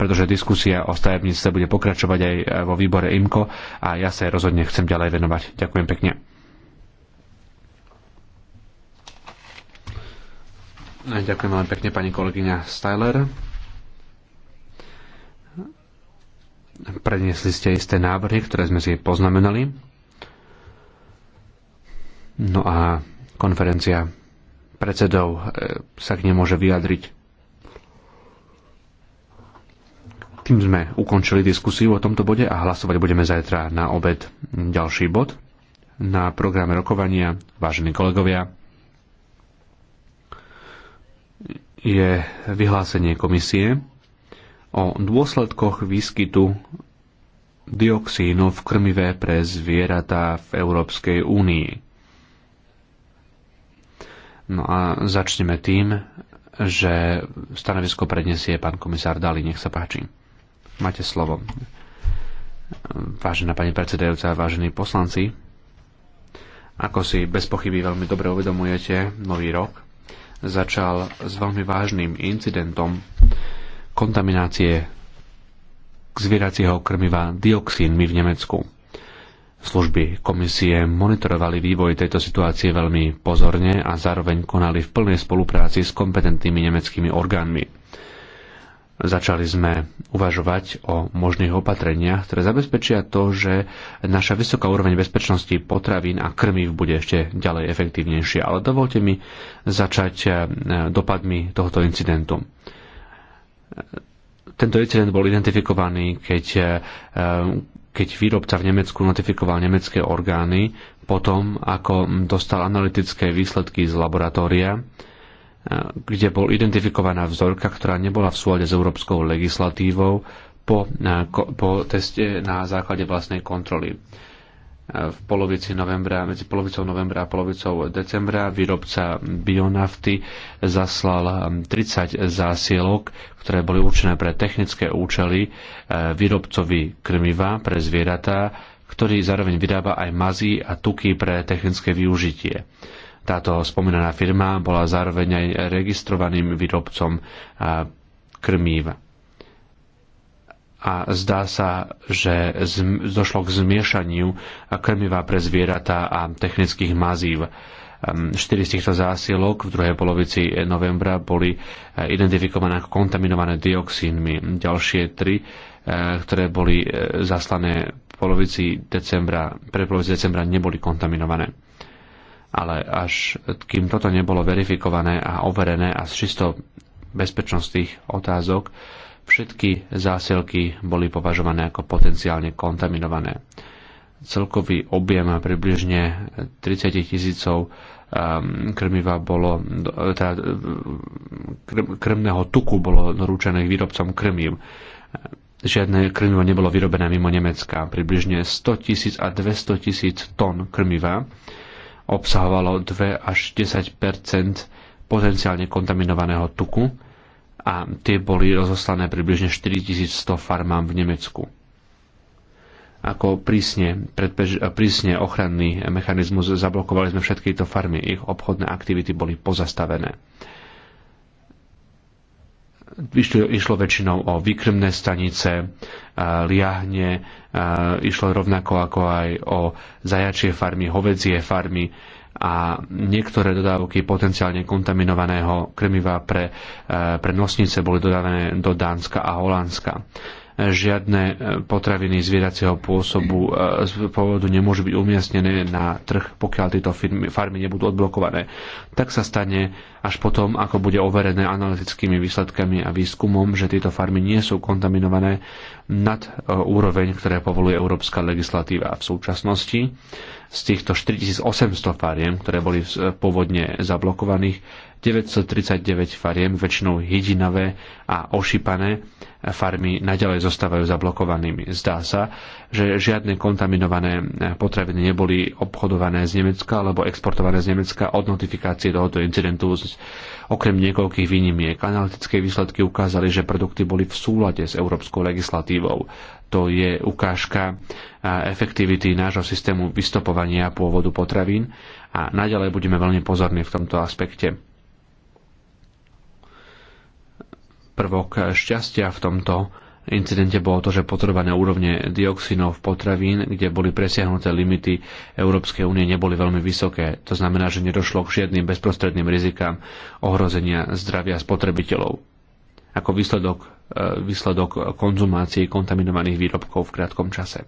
pretože diskusia o stavebníctve bude pokračovať aj vo výbore IMKO a ja sa rozhodne chcem ďalej venovať. Ďakujem pekne. No, ďakujem veľmi pekne pani kolegyňa Styler. Predniesli ste isté návrhy, ktoré sme si poznamenali. No a konferencia predsedov e, sa k nemôže vyjadriť Tým sme ukončili diskusiu o tomto bode a hlasovať budeme zajtra na obed. Ďalší bod na programe rokovania, vážení kolegovia, je vyhlásenie komisie o dôsledkoch výskytu dioxínu v krmive pre zvieratá v Európskej únii. No a začneme tým, že stanovisko predniesie pán komisár Dali. Nech sa páči. Máte slovo. Vážená pani predsedajúca, vážení poslanci, ako si bez pochyby veľmi dobre uvedomujete, nový rok začal s veľmi vážnym incidentom kontaminácie zvieracieho krmiva dioxínmi v Nemecku. Služby komisie monitorovali vývoj tejto situácie veľmi pozorne a zároveň konali v plnej spolupráci s kompetentnými nemeckými orgánmi. Začali sme uvažovať o možných opatreniach, ktoré zabezpečia to, že naša vysoká úroveň bezpečnosti potravín a krmív bude ešte ďalej efektívnejšia. Ale dovolte mi začať eh, dopadmi tohto incidentu. Tento incident bol identifikovaný, keď, eh, keď výrobca v Nemecku notifikoval nemecké orgány potom, ako dostal analytické výsledky z laboratória kde bol identifikovaná vzorka, ktorá nebola v súlade s európskou legislatívou po, po teste na základe vlastnej kontroly. V polovici novembra, medzi polovicou novembra a polovicou decembra výrobca bionafty zaslal 30 um, zásielok, ktoré boli určené pre technické účely uh, výrobcovi krmiva pre zvieratá, ktorý zároveň vydáva aj mazy a tuky pre technické využitie. Táto spomínaná firma bola zároveň aj registrovaným výrobcom krmív. a zdá sa, že došlo k zmiešaniu krmiva pre zvieratá a technických mazív. Ehm, štyri z týchto zásielok v druhej polovici novembra boli e, identifikované ako kontaminované dioxínmi. Ďalšie tri, e, ktoré boli e, zaslané v polovici decembra, pre polovici decembra neboli kontaminované ale až kým toto nebolo verifikované a overené a z čisto bezpečnostných otázok, všetky zásielky boli považované ako potenciálne kontaminované. Celkový objem približne 30 tisícov ehm, krmiva bolo, teda krmného tuku bolo doručené výrobcom krmiv. Žiadne krmivo nebolo vyrobené mimo Nemecka. Približne 100 tisíc a 200 tisíc tón krmiva obsahovalo 2 až 10 potenciálne kontaminovaného tuku a tie boli rozoslané približne 4100 farmám v Nemecku. Ako prísne, predpež, prísne ochranný mechanizmus zablokovali sme všetky tieto farmy, ich obchodné aktivity boli pozastavené. Išlo, väčšinou o výkrmné stanice, liahne, išlo rovnako ako aj o zajačie farmy, hovedzie farmy a niektoré dodávky potenciálne kontaminovaného krmiva pre, pre nosnice boli dodávané do Dánska a Holandska žiadne e, potraviny zvieracieho pôsobu e, z pôvodu nemôžu byť umiestnené na trh, pokiaľ tieto firmy, farmy nebudú odblokované. Tak sa stane až potom, ako bude overené analytickými výsledkami a výskumom, že tieto farmy nie sú kontaminované nad e, úroveň, ktoré povoluje európska legislatíva v súčasnosti. Z týchto 4800 fariem, ktoré boli pôvodne zablokovaných, 939 fariem, väčšinou hydinavé a ošípané, farmy naďalej zostávajú zablokovanými. Zdá sa, že žiadne kontaminované potraviny neboli obchodované z Nemecka alebo exportované z Nemecka od notifikácie tohoto incidentu. Okrem niekoľkých výnimiek, analytické výsledky ukázali, že produkty boli v súlade s európskou legislatívou. To je ukážka efektivity nášho systému vystopovania pôvodu potravín a naďalej budeme veľmi pozorní v tomto aspekte. prvok šťastia v tomto incidente bolo to, že potrebované úrovne dioxinov potravín, kde boli presiahnuté limity Európskej únie, neboli veľmi vysoké. To znamená, že nedošlo k žiadnym bezprostredným rizikám ohrozenia zdravia spotrebiteľov. Ako výsledok, e, výsledok konzumácie kontaminovaných výrobkov v krátkom čase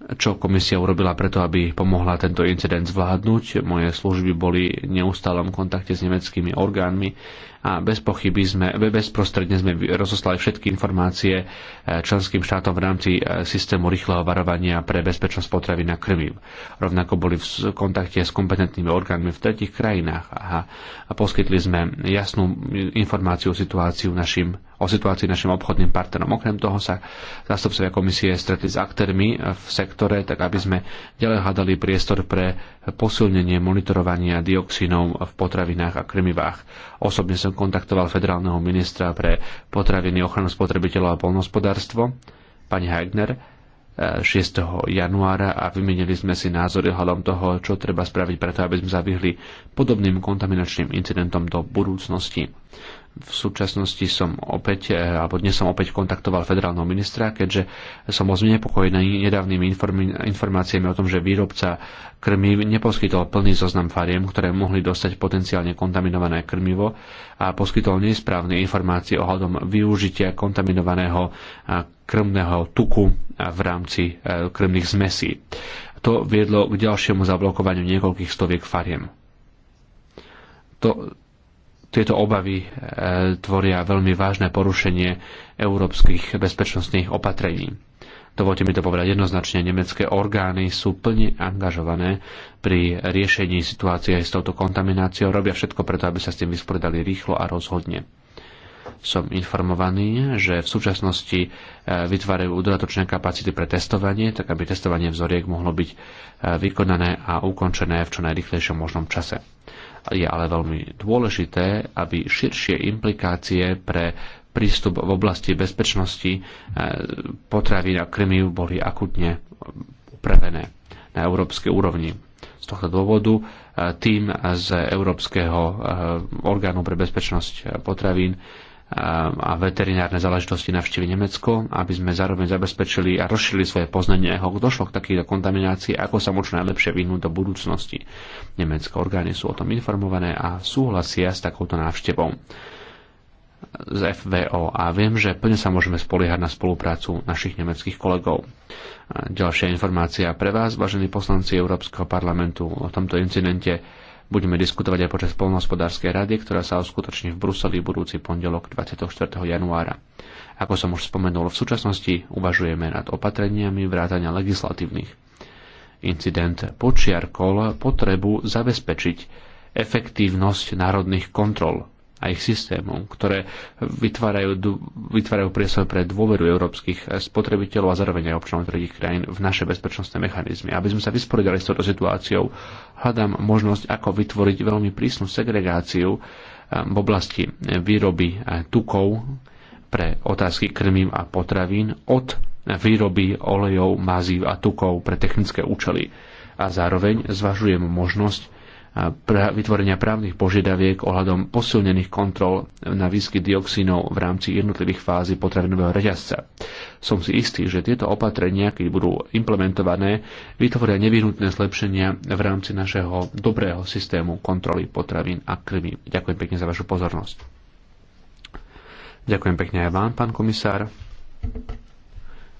čo komisia urobila preto, aby pomohla tento incident zvládnuť. Moje služby boli v neustálom kontakte s nemeckými orgánmi a bez pochyby sme, bezprostredne sme rozoslali všetky informácie eh, členským štátom v rámci eh, systému rýchleho varovania pre bezpečnosť potravy a krmiv. Rovnako boli v kontakte s kompetentnými orgánmi v tretich krajinách a poskytli sme jasnú informáciu o situáciu našim o situácii našim obchodným partnerom. Okrem toho sa zástupcovia komisie stretli s aktérmi eh, v sektore, tak aby sme ďalej hľadali priestor pre posilnenie monitorovania dioxínov v potravinách a krmivách. Osobne som som kontaktoval federálneho ministra pre potraviny, ochranu spotrebiteľov a polnospodárstvo, pani Hagner, 6. E, januára a vymenili sme si názory hľadom toho, čo treba spraviť preto, aby sme zabihli podobným kontaminačným incidentom do budúcnosti. V súčasnosti som opäť, eh, alebo dnes som opäť kontaktoval federálneho ministra, keďže som bol znepokojený nedávnymi informáciami o tom, že výrobca krmiv neposkytol plný zoznam fariem, ktoré mohli dostať potenciálne kontaminované krmivo a poskytol nesprávne informácie ohľadom využitia kontaminovaného eh, krmného tuku eh, v rámci krmných zmesí. To viedlo k ďalšiemu zablokovaniu niekoľkých stoviek fariem. To tieto obavy e, tvoria veľmi vážne porušenie európskych bezpečnostných opatrení. Dovolte mi to povedať jednoznačne, nemecké orgány sú plne angažované pri riešení situácie s touto kontamináciou, robia všetko preto, aby sa s tým vysporiadali rýchlo a rozhodne som informovaný, že v súčasnosti e, vytvárajú dodatočné kapacity pre testovanie, tak aby testovanie vzoriek mohlo byť e, vykonané a ukončené v čo najrychlejšom možnom čase. Je ale veľmi dôležité, aby širšie implikácie pre prístup v oblasti bezpečnosti eh, potravín a krmiv boli akutne upravené na európskej úrovni. Z tohto dôvodu eh, tým z Európskeho eh, orgánu pre bezpečnosť potravín a veterinárne záležitosti navštívi Nemecko, aby sme zároveň zabezpečili a rozšili svoje poznanie, ako došlo k takýchto kontaminácii, ako sa možno najlepšie vyhnúť do budúcnosti. Nemecké orgány sú o tom informované a súhlasia s takouto návštevou z FVO a viem, že plne sa môžeme spoliehať na spoluprácu našich nemeckých kolegov. Ďalšia informácia pre vás, vážení poslanci Európskeho parlamentu, o tomto incidente Budeme diskutovať aj počas polnohospodárskej rady, ktorá sa uskutoční v Bruseli budúci pondelok 24. januára. Ako som už spomenul, v súčasnosti uvažujeme nad opatreniami vrátania legislatívnych. Incident počiarkol potrebu zabezpečiť efektívnosť národných kontrol a ich systémov, ktoré vytvárajú, vytvárajú priestor pre dôveru európskych spotrebiteľov a zároveň aj občanov tretich krajín v naše bezpečnostné mechanizmy. Aby sme sa vysporiadali s touto situáciou, hľadám možnosť, ako vytvoriť veľmi prísnu segregáciu um, v oblasti výroby eh, tukov pre otázky krmím a potravín od výroby olejov, mazív a tukov pre technické účely. A zároveň zvažujem možnosť vytvorenia právnych požiadaviek ohľadom posilnených kontrol na výskyt dioxínov v rámci jednotlivých fází potravinového reťazca. Som si istý, že tieto opatrenia, keď budú implementované, vytvoria nevyhnutné zlepšenia v rámci našeho dobrého systému kontroly potravín a krvi. Ďakujem pekne za vašu pozornosť. Ďakujem pekne aj vám, pán komisár.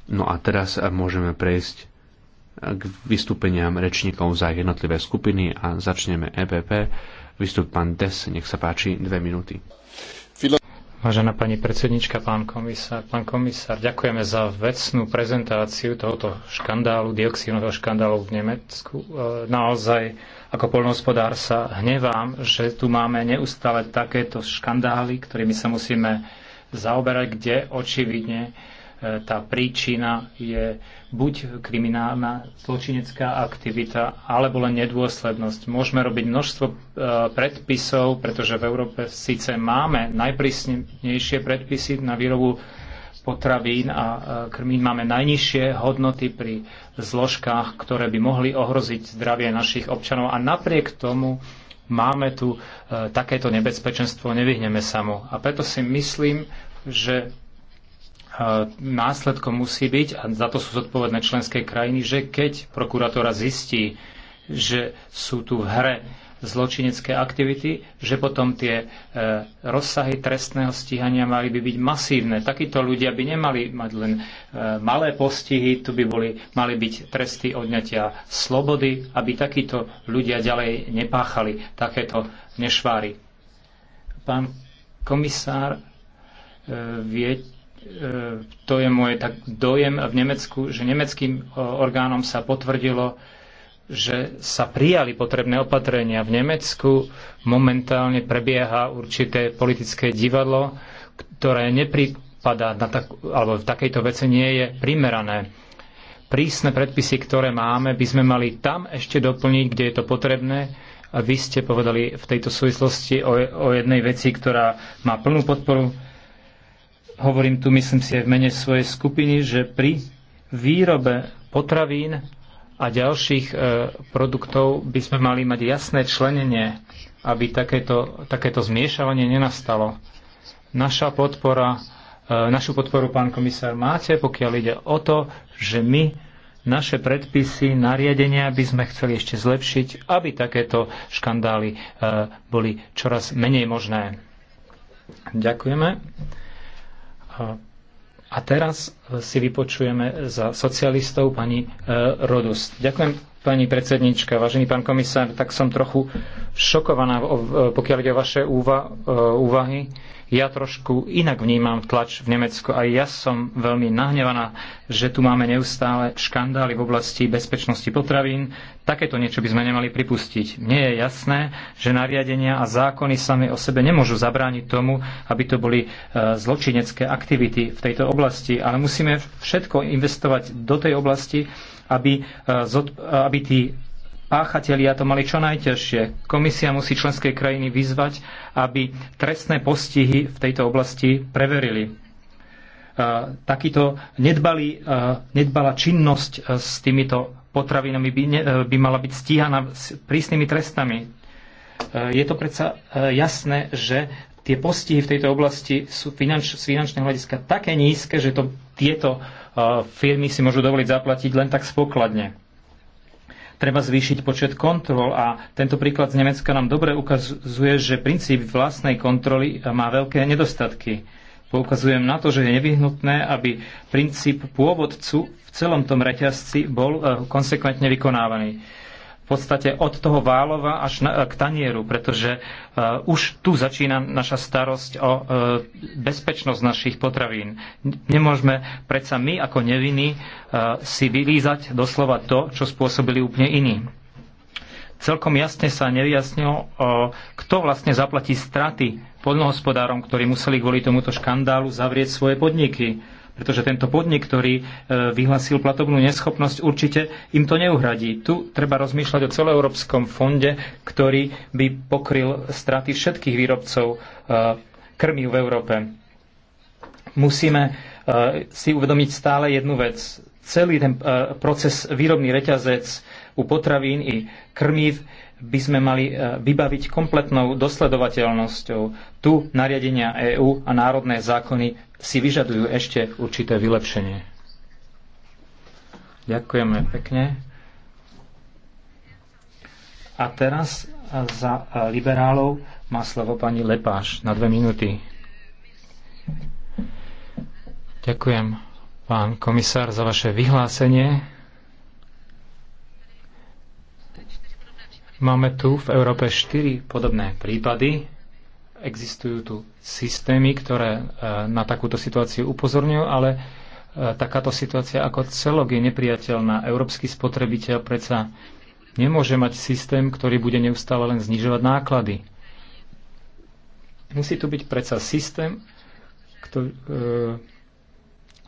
No a teraz môžeme prejsť k vystúpeniam rečníkov za jednotlivé skupiny a začneme EPP. Vystup pán Des, nech sa páči, dve minúty. Vážená pani predsednička, pán komisár, pán komisár, ďakujeme za vecnú prezentáciu tohoto škandálu, dioxínového škandálu v Nemecku. E, naozaj, ako polnohospodár sa hnevám, že tu máme neustále takéto škandály, ktorými sa musíme zaoberať, kde očividne uh, tá príčina je buď kriminálna zločinecká aktivita, alebo len nedôslednosť. Môžeme robiť množstvo e, predpisov, pretože v Európe síce máme najprísnejšie predpisy na výrobu potravín a e, krmín máme najnižšie hodnoty pri zložkách, ktoré by mohli ohroziť zdravie našich občanov. A napriek tomu máme tu e, takéto nebezpečenstvo, nevyhneme sa mu. A preto si myslím, že E, následkom musí byť, a za to sú zodpovedné členské krajiny, že keď prokurátora zistí, že sú tu v hre zločinecké aktivity, že potom tie e, rozsahy trestného stíhania mali by byť masívne. Takíto ľudia by nemali mať len e, malé postihy, tu by boli, mali byť tresty odňatia slobody, aby takíto ľudia ďalej nepáchali takéto nešváry. Pán komisár, viete, E, to je môj tak dojem v Nemecku, že nemeckým e, orgánom sa potvrdilo, že sa prijali potrebné opatrenia. V Nemecku momentálne prebieha určité politické divadlo, ktoré nepripadá na tak, alebo v takejto veci nie je primerané. Prísne predpisy, ktoré máme, by sme mali tam ešte doplniť, kde je to potrebné. A vy ste povedali v tejto súvislosti o, o jednej veci, ktorá má plnú podporu hovorím tu, myslím si, aj v mene svojej skupiny, že pri výrobe potravín a ďalších e, produktov by sme mali mať jasné členenie, aby takéto, takéto zmiešavanie nenastalo. Naša podpora, e, našu podporu, pán komisár, máte, pokiaľ ide o to, že my naše predpisy, nariadenia by sme chceli ešte zlepšiť, aby takéto škandály e, boli čoraz menej možné. Ďakujeme. A teraz e, si vypočujeme za socialistov pani e, Rodus. Ďakujem pani predsednička, vážený pán komisár, tak som trochu šokovaná, e, pokiaľ ide o vaše úvahy. Ja trošku inak vnímam tlač v Nemecku a ja som veľmi nahnevaná, že tu máme neustále škandály v oblasti bezpečnosti potravín. Takéto niečo by sme nemali pripustiť. Nie je jasné, že nariadenia a zákony sami o sebe nemôžu zabrániť tomu, aby to boli e, zločinecké aktivity v tejto oblasti, ale musíme všetko investovať do tej oblasti, aby, e, aby tí páchatelia to mali čo najťažšie. Komisia musí členské krajiny vyzvať, aby trestné postihy v tejto oblasti preverili. Takýto nedbalý, nedbala činnosť s týmito potravinami by, ne, by mala byť stíhaná s prísnymi trestami. Je to predsa jasné, že tie postihy v tejto oblasti sú finanč, z finančného hľadiska také nízke, že to, tieto firmy si môžu dovoliť zaplatiť len tak spokladne treba zvýšiť počet kontrol a tento príklad z Nemecka nám dobre ukazuje, že princíp vlastnej kontroly má veľké nedostatky. Poukazujem na to, že je nevyhnutné, aby princíp pôvodcu v celom tom reťazci bol eh, konsekventne vykonávaný podstate od toho Válova až na, k Tanieru, pretože uh, už tu začína naša starosť o uh, bezpečnosť našich potravín. Nemôžeme predsa my ako nevinní uh, si vylízať doslova to, čo spôsobili úplne iní. Celkom jasne sa nevyjasnilo, uh, kto vlastne zaplatí straty podnohospodárom, ktorí museli kvôli tomuto škandálu zavrieť svoje podniky pretože tento podnik, ktorý e, vyhlasil platobnú neschopnosť, určite im to neuhradí. Tu treba rozmýšľať o celoeurópskom fonde, ktorý by pokryl straty všetkých výrobcov e, krmí v Európe. Musíme e, si uvedomiť stále jednu vec. Celý ten proces, výrobný reťazec u potravín i krmív by sme mali e, vybaviť kompletnou dosledovateľnosťou. Tu nariadenia EÚ a národné zákony si vyžadujú ešte určité vylepšenie. Ďakujeme pekne. A teraz za e, liberálov má slovo pani Lepáš na dve minúty. Ďakujem, pán komisár, za vaše vyhlásenie Máme tu v Európe štyri podobné prípady. Existujú tu systémy, ktoré e, na takúto situáciu upozorňujú, ale e, takáto situácia ako celok je nepriateľná. Európsky spotrebiteľ predsa nemôže mať systém, ktorý bude neustále len znižovať náklady. Musí tu byť predsa systém, ktorý, e,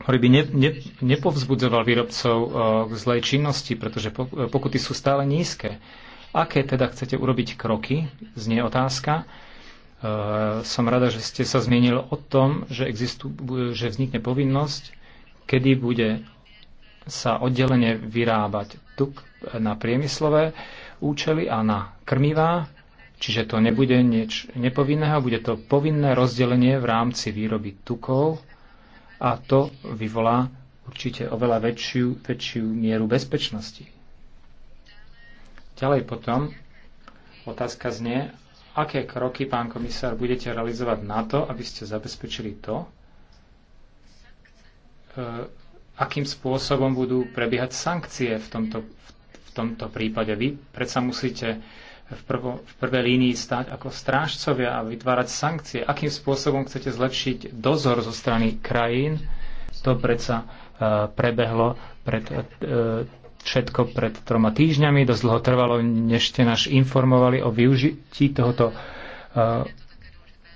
ktorý by ne, ne, nepovzbudzoval výrobcov k zlej činnosti, pretože pokuty sú stále nízke Aké teda chcete urobiť kroky? Znie otázka. E, som rada, že ste sa zmienili o tom, že, existu, že vznikne povinnosť, kedy bude sa oddelenie vyrábať tuk na priemyslové účely a na krmivá, čiže to nebude nič nepovinného, bude to povinné rozdelenie v rámci výroby tukov a to vyvolá určite oveľa väčšiu, väčšiu mieru bezpečnosti. Ďalej potom otázka znie, aké kroky, pán komisár, budete realizovať na to, aby ste zabezpečili to, eh, akým spôsobom budú prebiehať sankcie v tomto, v tomto prípade. Vy predsa musíte v, prvo, v prvej línii stať ako strážcovia a vytvárať sankcie. Akým spôsobom chcete zlepšiť dozor zo strany krajín? To predsa eh, prebehlo pred eh, všetko pred troma týždňami. Dosť dlho trvalo, než ste nás informovali o využití tohoto e,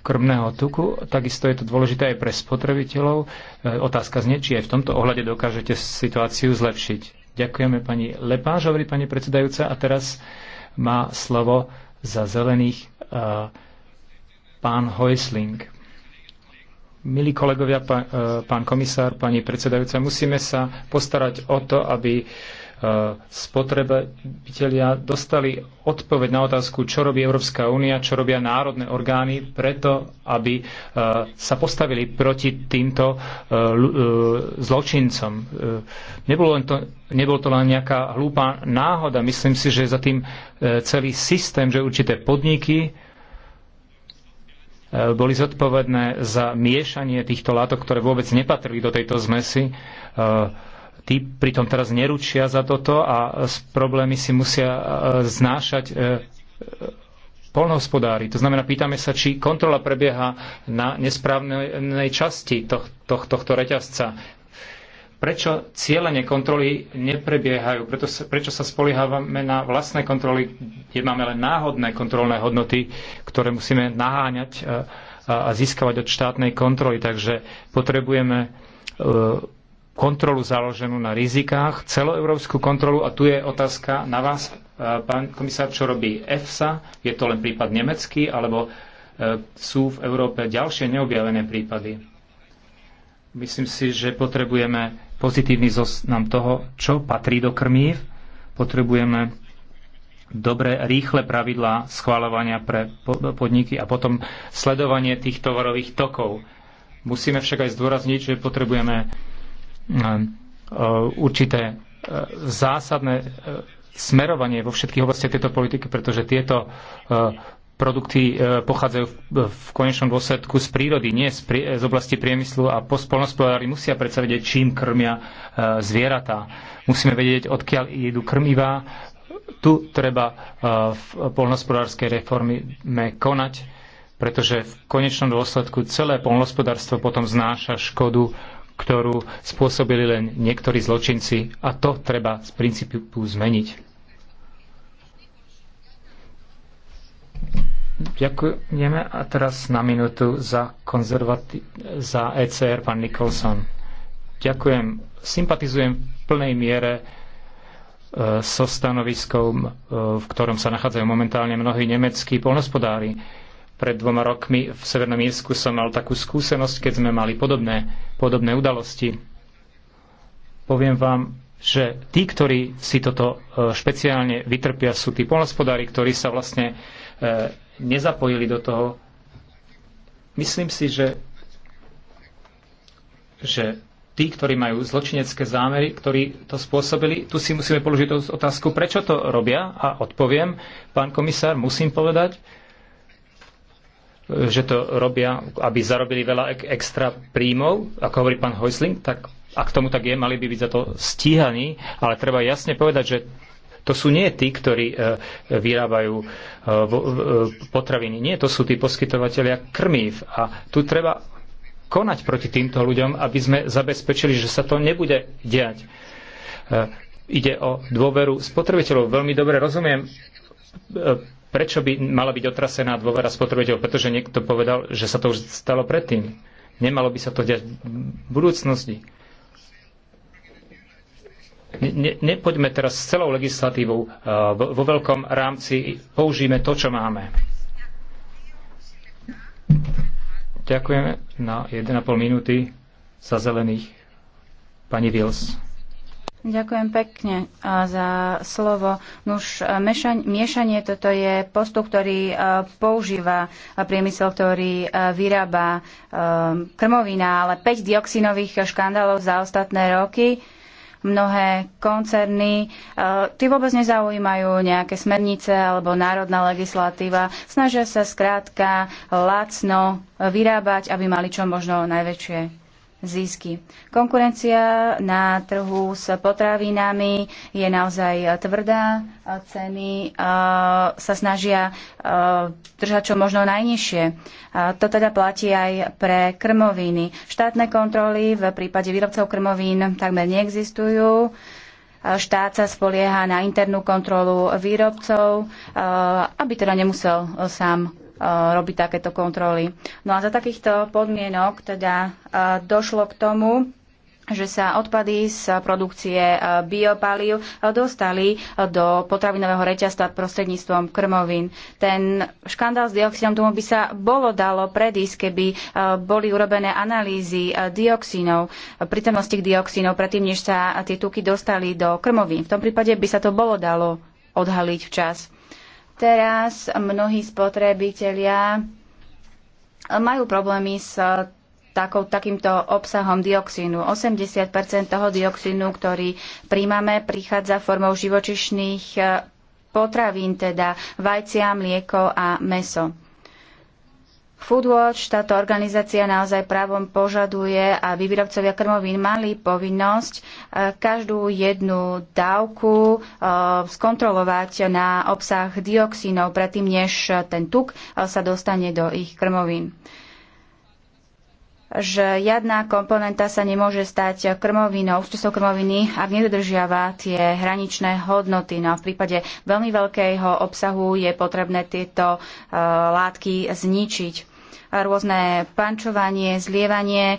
krmného tuku. Takisto je to dôležité aj pre spotrebiteľov. E, otázka znie, či aj v tomto ohľade dokážete situáciu zlepšiť. Ďakujeme pani Lepáž, hovorí pani predsedajúca. A teraz má slovo za zelených e, pán Hojsling. Milí kolegovia, pán, pán komisár, pani predsedajúca, musíme sa postarať o to, aby E, spotrebitelia dostali odpoveď na otázku, čo robí Európska únia, čo robia národné orgány, preto aby e, sa postavili proti týmto e, zločincom. Nebolo len to, nebol to len nejaká hlúpa náhoda. Myslím si, že za tým celý systém, že určité podniky boli zodpovedné za miešanie týchto látok, ktoré vôbec nepatrili do tejto zmesi Tí pritom teraz neručia za toto a problémy si musia e, znášať e, e, polnohospodári. To znamená, pýtame sa, či kontrola prebieha na nesprávnej časti tohto, tohto reťazca. Prečo cieľenie kontroly neprebiehajú? Preto sa, prečo sa spoliehávame na vlastné kontroly, kde máme len náhodné kontrolné hodnoty, ktoré musíme naháňať a, a získavať od štátnej kontroly. Takže potrebujeme kontrolu založenú na rizikách, celoeurópsku kontrolu a tu je otázka na vás, e, pán komisár, čo robí EFSA, je to len prípad nemecký, alebo e, sú v Európe ďalšie neobjavené prípady. Myslím si, že potrebujeme pozitívny zoznam toho, čo patrí do krmív, potrebujeme dobré, rýchle pravidlá schváľovania pre podniky a potom sledovanie tých tovarových tokov. Musíme však aj zdôrazniť, že potrebujeme E, určité e, zásadné e, smerovanie vo všetkých oblastiach tejto politiky, pretože tieto produkty pochádzajú v konečnom dôsledku z prírody, nie z, prí, z oblasti priemyslu a spolnospodári musia predsa vedieť, čím krmia zvieratá. Musíme vedieť, odkiaľ idú krmivá. Tu treba v polnospodárskej reforme konať, pretože v konečnom dôsledku celé polnospodárstvo potom znáša škodu ktorú spôsobili len niektorí zločinci a to treba z princípu zmeniť. Ďakujeme a teraz na minútu za, konzervati- za ECR pán Nicholson. Ďakujem. Sympatizujem v plnej miere e, so stanoviskom, e, v ktorom sa nachádzajú momentálne mnohí nemeckí polnospodári pred dvoma rokmi v Severnom Írsku som mal takú skúsenosť, keď sme mali podobné, podobné udalosti. Poviem vám, že tí, ktorí si toto e, špeciálne vytrpia, sú tí polnospodári, ktorí sa vlastne e, nezapojili do toho. Myslím si, že, že tí, ktorí majú zločinecké zámery, ktorí to spôsobili, tu si musíme položiť otázku, prečo to robia a odpoviem. Pán komisár, musím povedať, že to robia, aby zarobili veľa extra príjmov, ako hovorí pán Hoisling, tak ak tomu tak je, mali by byť za to stíhaní, ale treba jasne povedať, že to sú nie tí, ktorí e, vyrábajú e, e, potraviny. Nie, to sú tí poskytovateľia krmív. A tu treba konať proti týmto ľuďom, aby sme zabezpečili, že sa to nebude diať. Ide o dôveru spotrebiteľov. Veľmi dobre rozumiem Prečo by mala byť otrasená dôvera spotrebiteľov? Pretože niekto povedal, že sa to už stalo predtým. Nemalo by sa to diať v budúcnosti. Ne, nepoďme teraz s celou legislatívou eh, vo veľkom rámci, použijme to, čo máme. Ďakujeme na 1,5 minúty za zelených. Pani Wills. Ďakujem pekne za slovo. Nuž, miešanie toto je postup, ktorý používa priemysel, ktorý vyrába krmovina, ale 5 dioxinových škandálov za ostatné roky mnohé koncerny. Tí vôbec nezaujímajú nejaké smernice alebo národná legislatíva. Snažia sa skrátka lacno vyrábať, aby mali čo možno najväčšie zisky. Konkurencia na trhu s potravinami je naozaj tvrdá. Ceny sa snažia držať čo možno najnižšie. To teda platí aj pre krmoviny. Štátne kontroly v prípade výrobcov krmovín takmer neexistujú štát sa spolieha na internú kontrolu výrobcov, aby teda nemusel sám E, robiť takéto kontroly. No a za takýchto podmienok teda e, došlo k tomu, že sa odpady z produkcie e, biopalív dostali do potravinového reťazstva prostredníctvom krmovín. Ten škandál s dioxínom tomu by sa bolo dalo predísť, keby boli urobené analýzy dioxínov, prítomnosti k dioxínov, predtým, než sa tie tuky dostali do krmovín. V tom prípade by sa to bolo dalo odhaliť včas. Teraz mnohí spotrebitelia majú problémy s takou, takýmto obsahom dioxínu. 80 toho dioxínu, ktorý príjmame, prichádza formou živočišných potravín, teda vajcia, mlieko a meso. Foodwatch, táto organizácia naozaj právom požaduje, aby výrobcovia krmovín mali povinnosť e, každú jednu dávku e, skontrolovať na obsah dioxínov, predtým než ten tuk e, sa dostane do ich krmovín že žiadna komponenta sa nemôže stať krmovinou, súčasťou krmoviny, ak nedodržiava tie hraničné hodnoty. No a v prípade veľmi veľkého obsahu je potrebné tieto uh, látky zničiť rôzne pančovanie, zlievanie. E,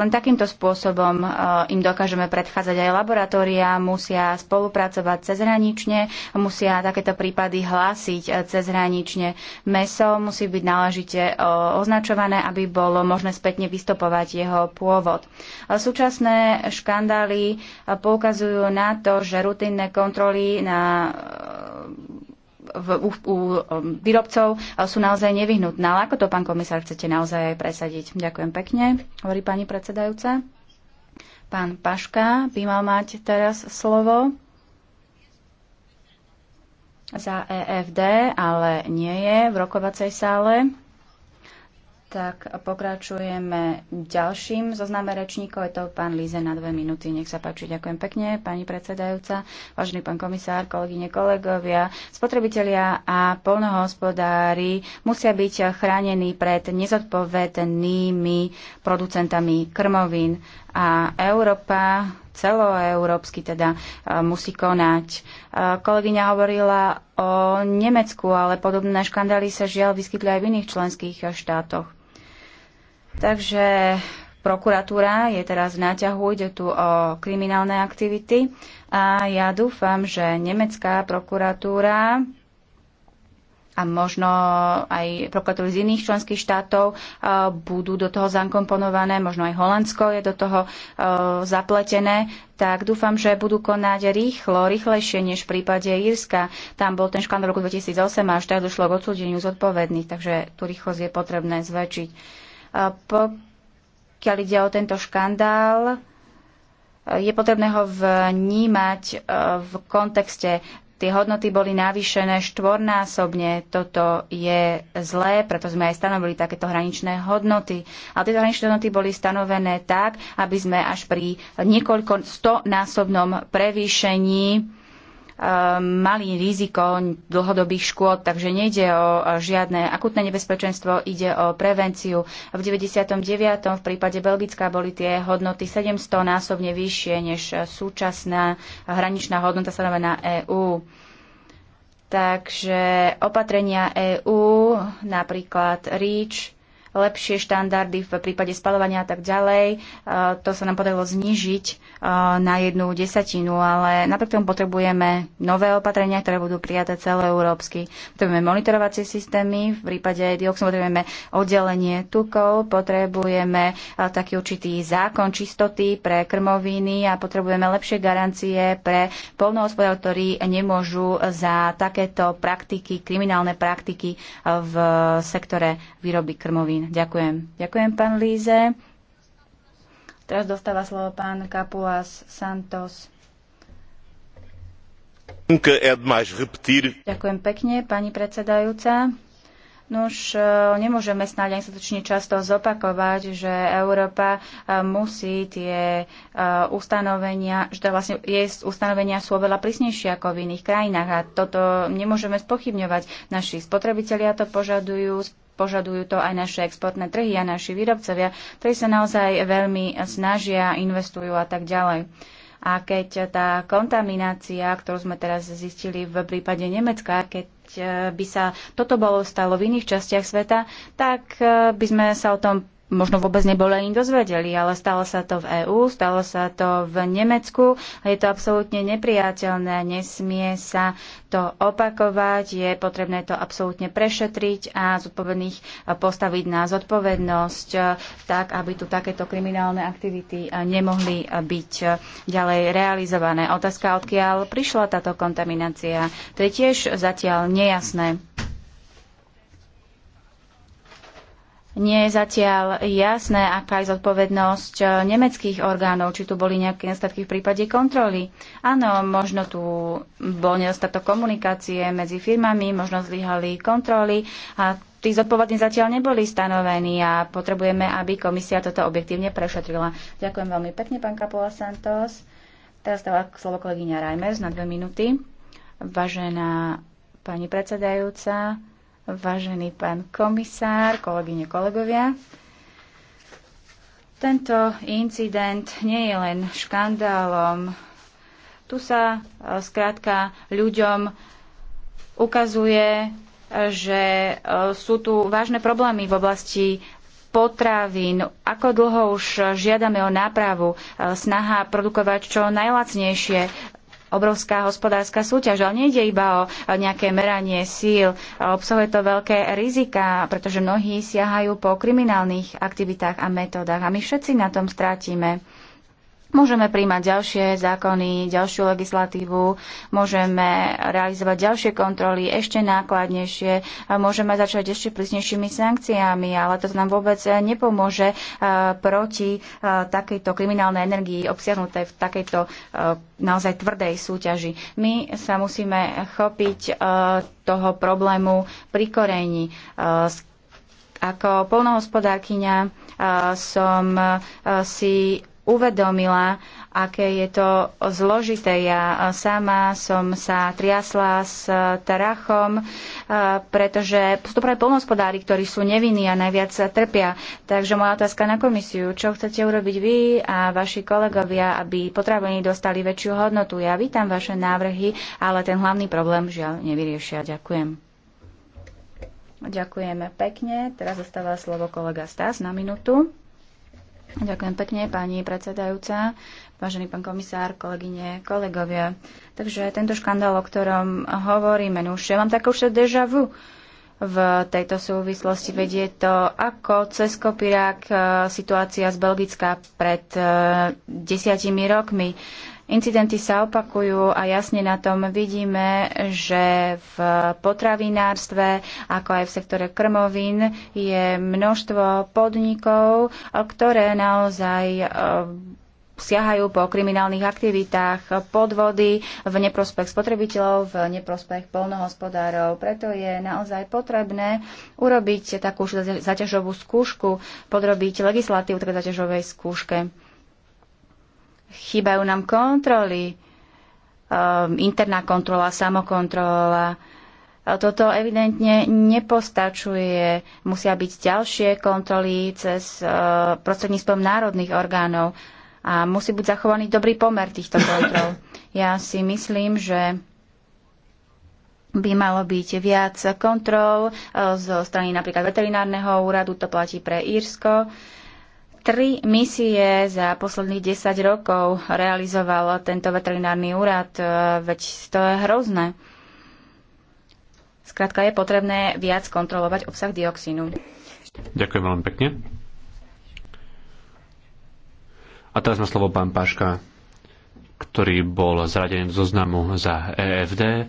len takýmto spôsobom e, im dokážeme predchádzať aj laboratória, musia spolupracovať cezhranične, musia takéto prípady hlásiť e, cezhranične. Meso musí byť náležite označované, aby bolo možné spätne vystopovať jeho pôvod. Súčasné škandály poukazujú na to, že rutinné kontroly na v, u, u um, výrobcov sú naozaj nevyhnutné. Ale ako to, pán komisár, chcete naozaj aj presadiť? Ďakujem pekne, hovorí pani predsedajúca. Pán Paška by mal mať teraz slovo za EFD, ale nie je v rokovacej sále tak pokračujeme ďalším zozname rečníkov. Je to pán Líze na dve minúty. Nech sa páči. Ďakujem pekne, pani predsedajúca, vážený pán komisár, kolegyne, kolegovia. Spotrebitelia a polnohospodári musia byť chránení pred nezodpovednými producentami krmovín. A Európa celoeurópsky teda musí konať. Kolegyňa hovorila o Nemecku, ale podobné škandály sa žiaľ vyskytli aj v iných členských štátoch. Takže prokuratúra je teraz v náťahu, ide tu o kriminálne aktivity a ja dúfam, že nemecká prokuratúra a možno aj prokuratúry z iných členských štátov e, budú do toho zankomponované, možno aj Holandsko je do toho e, zapletené, tak dúfam, že budú konať rýchlo, rýchlejšie než v prípade Írska. Tam bol ten škandál roku 2008 a až tak došlo k odsúdeniu zodpovedných, takže tú rýchlosť je potrebné zväčšiť. Pokiaľ ide o tento škandál, e, je potrebné ho vnímať e, v kontexte. Tie hodnoty boli navýšené štvornásobne. Toto je zlé, preto sme aj stanovili takéto hraničné hodnoty. Ale tieto hraničné hodnoty boli stanovené tak, aby sme až pri niekoľko stonásobnom prevýšení malý riziko dlhodobých škôd, takže nejde o žiadne akutné nebezpečenstvo, ide o prevenciu. V 99. v prípade Belgická boli tie hodnoty 700 násobne vyššie než súčasná hraničná hodnota stanovená EÚ. Takže opatrenia EÚ, napríklad REACH, lepšie štandardy v prípade spalovania a tak ďalej. E, to sa nám podarilo znižiť e, na jednu desatinu, ale napriek tomu potrebujeme nové opatrenia, ktoré budú prijaté celoeurópsky. Potrebujeme monitorovacie systémy, v prípade dioxinu potrebujeme oddelenie tukov, potrebujeme e, taký určitý zákon čistoty pre krmoviny a potrebujeme lepšie garancie pre polnohospodárov, ktorí nemôžu za takéto praktiky, kriminálne praktiky v sektore výroby krmovín. Ďakujem, ďakujem. pán Líze. Teraz dostáva slovo pán Kapulas Santos. Er ďakujem pekne, pani predsedajúca. No už e, nemôžeme snáď ani sotočne často zopakovať, že Európa e, musí tie e, ustanovenia, že to vlastne je ustanovenia sú oveľa prísnejšie ako v iných krajinách a toto nemôžeme spochybňovať. Naši spotrebitelia to požadujú, požadujú to aj naše exportné trhy a naši výrobcovia, ktorí sa naozaj veľmi snažia, investujú a tak ďalej. A keď tá kontaminácia, ktorú sme teraz zistili v prípade Nemecka, keď eh, by sa toto bolo stalo v iných častiach sveta, tak eh, by sme sa o tom možno vôbec neboli ani dozvedeli, ale stalo sa to v EÚ, stalo sa to v Nemecku a je to absolútne nepriateľné, nesmie sa to opakovať, je potrebné to absolútne prešetriť a zodpovedných postaviť na zodpovednosť e, tak, aby tu takéto kriminálne aktivity e, nemohli e, byť ďalej realizované. Otázka, odkiaľ prišla táto kontaminácia, to je tiež zatiaľ nejasné. Nie je zatiaľ jasné, aká je zodpovednosť e, nemeckých orgánov, či tu boli nejaké nedostatky v prípade kontroly. Áno, možno tu bol nedostatok komunikácie medzi firmami, možno zlyhali kontroly a tí zodpovední zatiaľ neboli stanovení a potrebujeme, aby komisia toto objektívne prešetrila. Ďakujem veľmi pekne, pán Kapola Santos. Teraz dáva slovo kolegyňa Reimers na dve minúty. Vážená pani predsedajúca, vážený pán komisár, kolegyne, kolegovia. Tento incident nie je len škandálom. Tu sa e, skrátka ľuďom ukazuje, že e, sú tu vážne problémy v oblasti potravín. Ako dlho už žiadame o nápravu? E, snaha produkovať čo najlacnejšie obrovská hospodárska súťaž, ale nejde iba o nejaké meranie síl. Obsahuje to veľké rizika, pretože mnohí siahajú po kriminálnych aktivitách a metodách a my všetci na tom strátime. Môžeme príjmať ďalšie zákony, ďalšiu legislatívu, môžeme realizovať ďalšie kontroly, ešte nákladnejšie, môžeme začať ešte prísnejšími sankciami, ale to nám vôbec nepomôže proti takejto kriminálnej energii obsiahnutej v takejto naozaj tvrdej súťaži. My sa musíme chopiť toho problému pri korení. Ako polnohospodárkyňa som si uvedomila, aké je to zložité. Ja sama som sa triasla s tarachom, e, pretože sú to práve polnospodári, ktorí sú nevinní a najviac sa trpia. Takže moja otázka na komisiu, čo chcete urobiť vy a vaši kolegovia, aby potraviny dostali väčšiu hodnotu. Ja vítam vaše návrhy, ale ten hlavný problém žiaľ nevyriešia. Ďakujem. Ďakujeme pekne. Teraz zostáva slovo kolega Stas na minútu. Ďakujem pekne, pani predsedajúca, vážený pán komisár, kolegyne, kolegovia. Takže tento škandál, o ktorom hovoríme, no už ja mám takú deja vu v tejto súvislosti, vedie to ako cez kopirák e, situácia z Belgická pred e, desiatimi rokmi Incidenty sa opakujú a jasne na tom vidíme, že v potravinárstve, ako aj v sektore krmovín, je množstvo podnikov, ktoré naozaj e, siahajú po kriminálnych aktivitách, podvody v neprospech spotrebiteľov, v neprospech polnohospodárov. Preto je naozaj potrebné urobiť takú zaťažovú skúšku, podrobiť legislatívu tak zaťažovej skúške. Chýbajú nám kontroly, ehm, interná kontrola, samokontrola. Toto evidentne nepostačuje. Musia byť ďalšie kontroly cez e, prostredníctvom národných orgánov a musí byť zachovaný dobrý pomer týchto kontrol. Ja si myslím, že by malo byť viac kontrol e, zo strany napríklad veterinárneho úradu, to platí pre Írsko. Uh, Tri misie za posledných 10 rokov realizoval tento veterinárny úrad, e, veď to je hrozné. Skrátka je potrebné viac kontrolovať obsah dioxínu. Ďakujem veľmi pekne. A teraz má slovo pán Páška, ktorý bol zradený zoznamu za EFD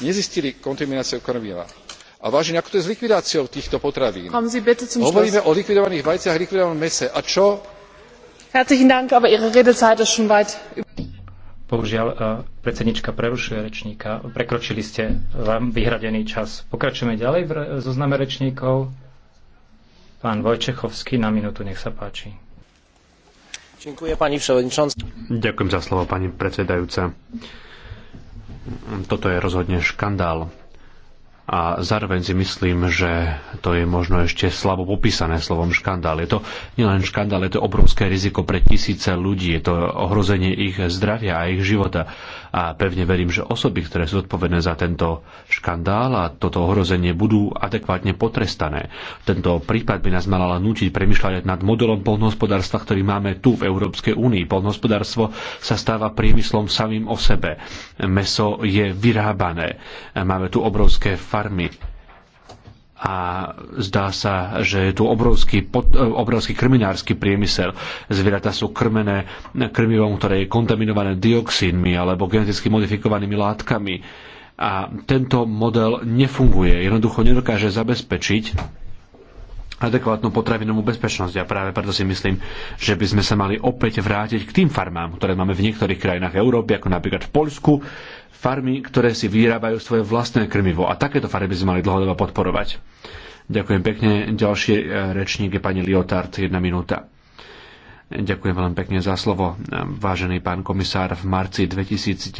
nezistili kontamináciu krmiva. a vážení ako to je s likvidáciou týchto potravín? hovoríme o likvidovaných vajciach a likvidovanom mäse a čo? Bohužiaľ, e, predsednička prerušuje rečníka. Prekročili ste vám vyhradený čas. Pokračujeme ďalej v e, zozname rečníkov. Pán Vojčechovský na minútu, nech sa páči. Ďakujem, pani Ďakujem za slovo, pani predsedajúca toto je rozhodne škandál a zároveň si myslím, že to je možno ešte slabo popísané slovom škandál. Je to nielen škandál, je to obrovské riziko pre tisíce ľudí, je to ohrozenie ich zdravia a ich života. A pevne verím, že osoby, ktoré sú zodpovedné za tento škandál a toto ohrozenie budú adekvátne potrestané. Tento prípad by nás mala nútiť premyšľať nad modelom polnohospodárstva, ktorý máme tu v Európskej únii. Polnohospodárstvo sa stáva priemyslom samým o sebe. Meso je vyrábané. Máme tu obrovské farmy a zdá sa, že je tu obrovský, pod, e, obrovský krminársky priemysel. Zvieratá sú krmené krmivom, ktoré je kontaminované dioxínmi alebo geneticky modifikovanými látkami. A tento model nefunguje. Jednoducho nedokáže zabezpečiť adekvátnu potravinovú bezpečnosť. A práve preto si myslím, že by sme sa mali opäť vrátiť k tým farmám, ktoré máme v niektorých krajinách Európy, ako napríklad v Poľsku, farmy, ktoré si vyrábajú svoje vlastné krmivo. A takéto farmy by sme mali dlhodobo podporovať. Ďakujem pekne. Ďalší e, rečník je pani Liotard, jedna minúta. Ďakujem veľmi pekne za slovo. Vážený pán komisár, v marci 2010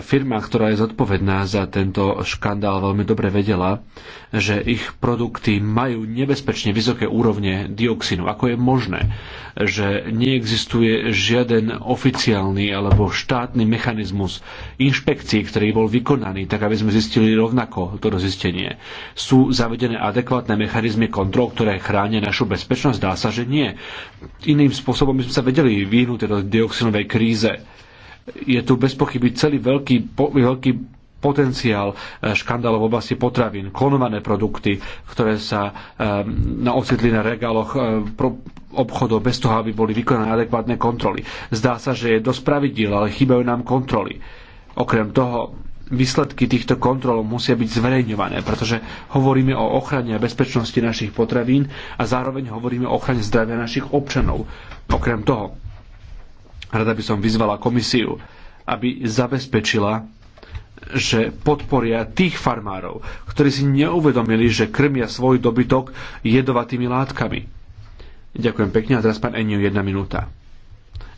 firma, ktorá je zodpovedná za tento škandál, veľmi dobre vedela, že ich produkty majú nebezpečne vysoké úrovne dioxínu. Ako je možné, že neexistuje žiaden oficiálny alebo štátny mechanizmus inšpekcií, ktorý bol vykonaný, tak aby sme zistili rovnako toto zistenie? Sú zavedené adekvátne mechanizmy kontrol, ktoré chránia našu bezpečnosť? Dá sa, že nie. Iným spôsobom by sme sa vedeli vyhnúť tejto dioxinovej kríze je tu bez pochyby celý veľký, po, veľký potenciál e, škandálov v oblasti potravín, klonované produkty, ktoré sa um, ocitli na regáloch um, obchodov bez toho, aby boli vykonané adekvátne kontroly. Zdá sa, že je dosť pravidiel, ale chýbajú nám kontroly. Okrem toho, výsledky týchto kontrol musia byť zverejňované, pretože hovoríme o ochrane a bezpečnosti našich potravín a zároveň hovoríme o ochrane zdravia našich občanov. Okrem toho, Rada by som vyzvala komisiu, aby zabezpečila, že podporia tých farmárov, ktorí si neuvedomili, že krmia svoj dobytok jedovatými látkami. Ďakujem pekne a teraz pán Eniu jedna minúta.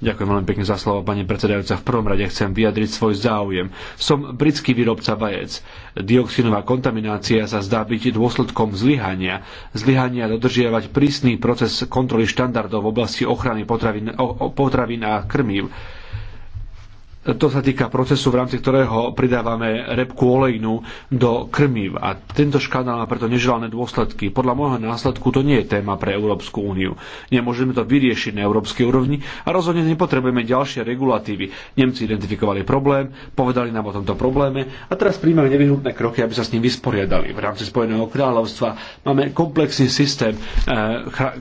Ďakujem veľmi pekne za slovo, pani predsedajúca. V prvom rade chcem vyjadriť svoj záujem. Som britský výrobca vajec. Dioxinová kontaminácia sa zdá byť dôsledkom zlyhania. Zlyhania dodržiavať prísny proces kontroly štandardov v oblasti ochrany potravín, potravín a krmív to sa týka procesu, v rámci ktorého pridávame repku olejnú do krmív a tento škandál má preto neželané dôsledky. Podľa môjho následku to nie je téma pre Európsku úniu. Nemôžeme to vyriešiť na európskej úrovni a rozhodne nepotrebujeme ďalšie regulatívy. Nemci identifikovali problém, povedali nám o tomto probléme a teraz príjmame nevyhnutné kroky, aby sa s ním vysporiadali. V rámci Spojeného kráľovstva máme komplexný systém eh,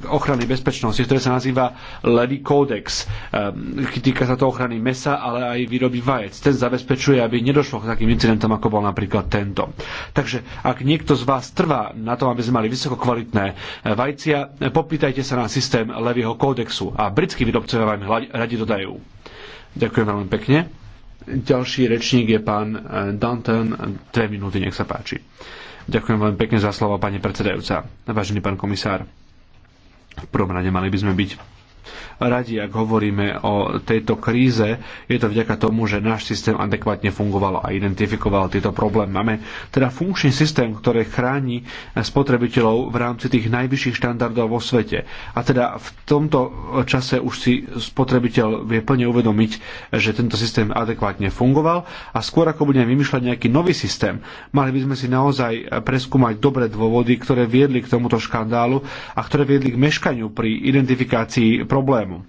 ochrany bezpečnosti, ktorý sa nazýva Lady Codex. Ehm, týka sa to ochrany mesa, ale aj výroby vajec. Ten zabezpečuje, aby nedošlo k takým incidentom, ako bol napríklad tento. Takže ak niekto z vás trvá na tom, aby sme mali vysokokvalitné eh, vajcia, eh, popýtajte sa na systém Levyho kódexu a britskí výrobcovia vám radi dodajú. Ďakujem veľmi pekne. Ďalší rečník je pán eh, Danton. Dve minúty, nech sa páči. Ďakujem veľmi pekne za slovo, pani predsedajúca. Vážený pán komisár, v prvom rade mali by sme byť radi, ak hovoríme o tejto kríze. Je to vďaka tomu, že náš systém adekvátne fungoval a identifikoval tieto problémy. Máme teda funkčný systém, ktorý chráni spotrebiteľov v rámci tých najvyšších štandardov vo svete. A teda v tomto čase už si spotrebiteľ vie plne uvedomiť, že tento systém adekvátne fungoval a skôr ako budeme vymýšľať nejaký nový systém, mali by sme si naozaj preskúmať dobré dôvody, ktoré viedli k tomuto škandálu a ktoré viedli k meškaniu pri identifikácii problému.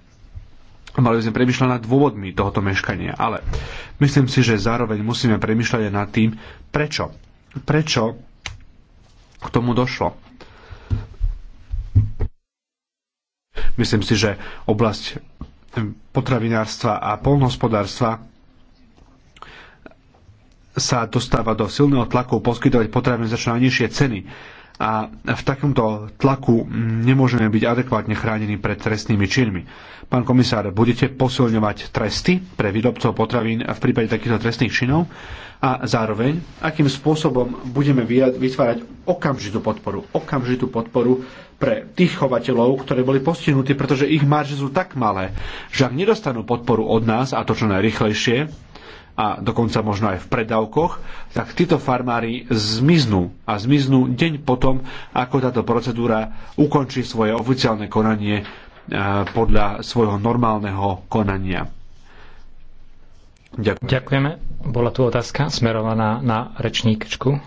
Mali by sme premyšľať nad dôvodmi tohoto meškania, ale myslím si, že zároveň musíme premyšľať aj nad tým, prečo. Prečo k tomu došlo. Myslím si, že oblasť potravinárstva a polnohospodárstva sa dostáva do silného tlaku poskytovať potraviny za čo najnižšie ceny a v takomto tlaku nemôžeme byť adekvátne chránení pred trestnými činmi. Pán komisár, budete posilňovať tresty pre výrobcov potravín v prípade takýchto trestných činov a zároveň, akým spôsobom budeme vytvárať okamžitú podporu, okamžitú podporu pre tých chovateľov, ktorí boli postihnutí, pretože ich marže sú tak malé, že ak nedostanú podporu od nás, a to čo najrychlejšie, a dokonca možno aj v predávkoch, tak títo farmári zmiznú a zmiznú deň potom, ako táto procedúra ukončí svoje oficiálne konanie e, podľa svojho normálneho konania. Ďakujem. Ďakujeme. Bola tu otázka smerovaná na rečníčku.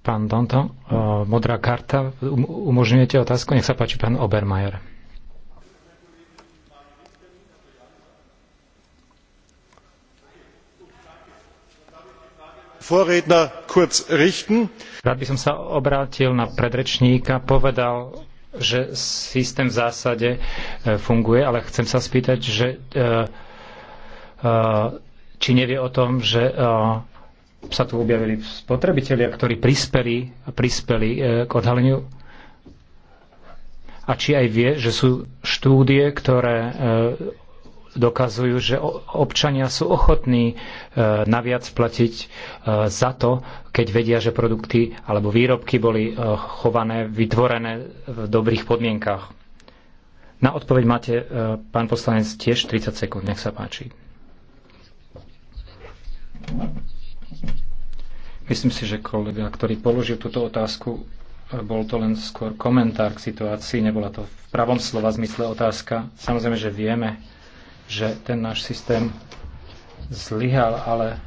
Pán Donto, e, modrá karta, um, umožňujete otázku? Nech sa páči, pán Obermajer. Vorredner kurz richten. Rád by som sa obrátil na predrečníka, povedal, že systém v zásade e, funguje, ale chcem sa spýtať, že e, e, či nevie o tom, že sa tu objavili spotrebitelia, ktorí prispeli, prispeli k odhaleniu a či aj vie, že sú štúdie, ktoré dokazujú, že občania sú ochotní e, naviac platiť e, za to, keď vedia, že produkty alebo výrobky boli e, chované, vytvorené v dobrých podmienkách. Na odpoveď máte, pán poslanec, tiež 30 sekúnd. Nech sa páči. Myslím si, že kolega, ktorý položil túto otázku, bol to len skôr komentár k situácii, nebola to v pravom slova zmysle otázka. Samozrejme, že vieme, že ten náš systém zlyhal, ale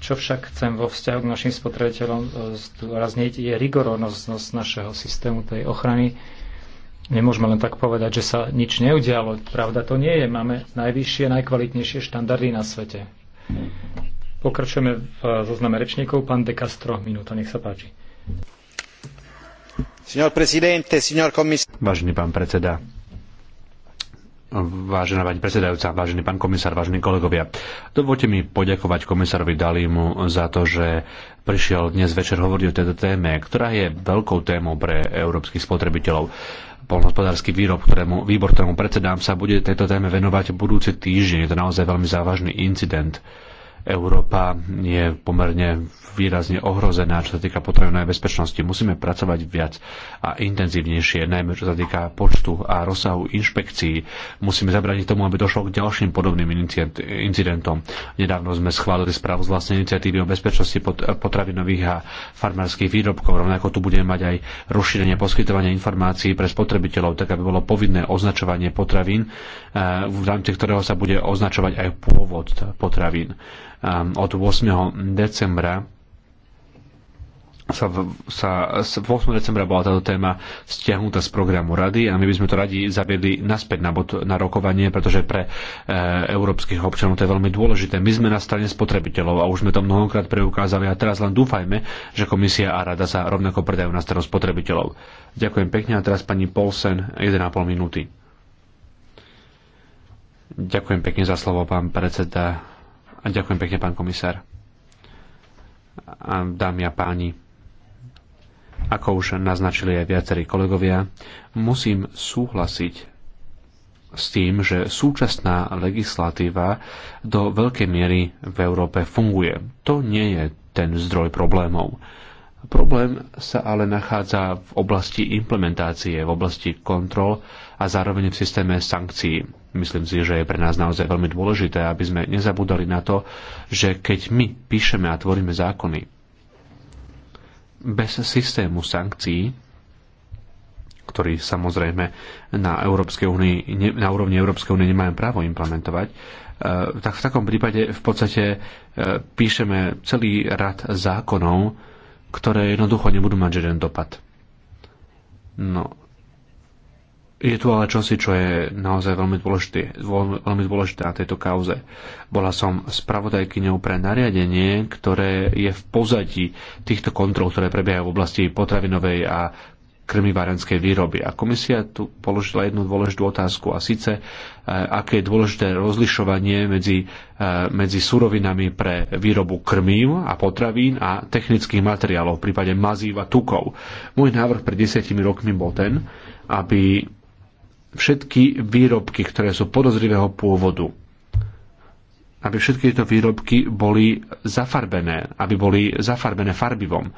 čo však chcem vo vzťahu k našim spotrebiteľom e, zdôrazniť, je rigoróznosť našeho systému tej ochrany. Nemôžeme len tak povedať, že sa nič neudialo. Pravda to nie je. Máme najvyššie, najkvalitnejšie štandardy na svete. Pokračujeme v e, zozname rečníkov. Pán De Castro, minúta, nech sa páči. Signor presidente, signor Vážený pán predseda, Vážená pani predsedajúca, vážený pán komisár, vážení kolegovia, dovolte mi poďakovať komisárovi Dalímu za to, že prišiel dnes večer hovoriť o tejto téme, ktorá je veľkou témou pre európskych spotrebiteľov polnohospodársky výrob, ktorému, výbor, ktorému predsedám, sa bude tejto téme venovať budúci týždeň. Je to naozaj veľmi závažný incident Európa je pomerne výrazne ohrozená, čo sa týka potravinovej bezpečnosti. Musíme pracovať viac a intenzívnejšie, najmä čo sa týka počtu a rozsahu inšpekcií. Musíme zabrániť tomu, aby došlo k ďalším podobným incidentom. Nedávno sme schválili správu z vlastnej iniciatívy o bezpečnosti potravinových a farmárskych výrobkov. Rovnako tu budeme mať aj rozšírenie poskytovania informácií pre spotrebiteľov, tak aby bolo povinné označovanie potravín, eh, v rámci ktorého sa bude označovať aj pôvod potravín Ehm, od 8. decembra sa, sa, 8. decembra bola táto téma stiahnutá z programu rady a my by sme to radi zaviedli naspäť na, bod, na rokovanie, pretože pre e, európskych občanov to je veľmi dôležité. My sme na strane spotrebiteľov a už sme to mnohokrát preukázali a teraz len dúfajme, že komisia a rada sa rovnako predajú na stranu spotrebiteľov. Ďakujem pekne a teraz pani Polsen 1,5 minúty. Ďakujem pekne za slovo, pán predseda a ďakujem pekne, pán komisár. A dámy a páni, ako už naznačili aj viacerí kolegovia, musím súhlasiť s tým, že súčasná legislatíva do veľkej miery v Európe funguje. To nie je ten zdroj problémov. Problém sa ale nachádza v oblasti implementácie, v oblasti kontrol a zároveň v systéme sankcií. Myslím si, že je pre nás naozaj veľmi dôležité, aby sme nezabudali na to, že keď my píšeme a tvoríme zákony, bez systému sankcií, ktorý samozrejme na, Európskej únii, na úrovni Európskej únie nemáme právo implementovať, e, tak v takom prípade v podstate e, píšeme celý rad zákonov, ktoré jednoducho nebudú mať žiaden dopad. No je tu ale čosi, čo je naozaj veľmi dôležité, veľmi dôležité na tejto kauze. Bola som spravodajkyňou pre nariadenie, ktoré je v pozadí týchto kontrol, ktoré prebiehajú v oblasti potravinovej a krmivárenskej výroby. A komisia tu položila jednu dôležitú otázku a síce, e, aké je dôležité rozlišovanie medzi, e, medzi surovinami pre výrobu krmív a potravín a technických materiálov, v prípade mazív a tukov. Môj návrh pred desiatimi rokmi bol ten, aby všetky výrobky, ktoré sú podozrivého pôvodu, aby všetky tieto výrobky boli zafarbené, aby boli zafarbené farbivom.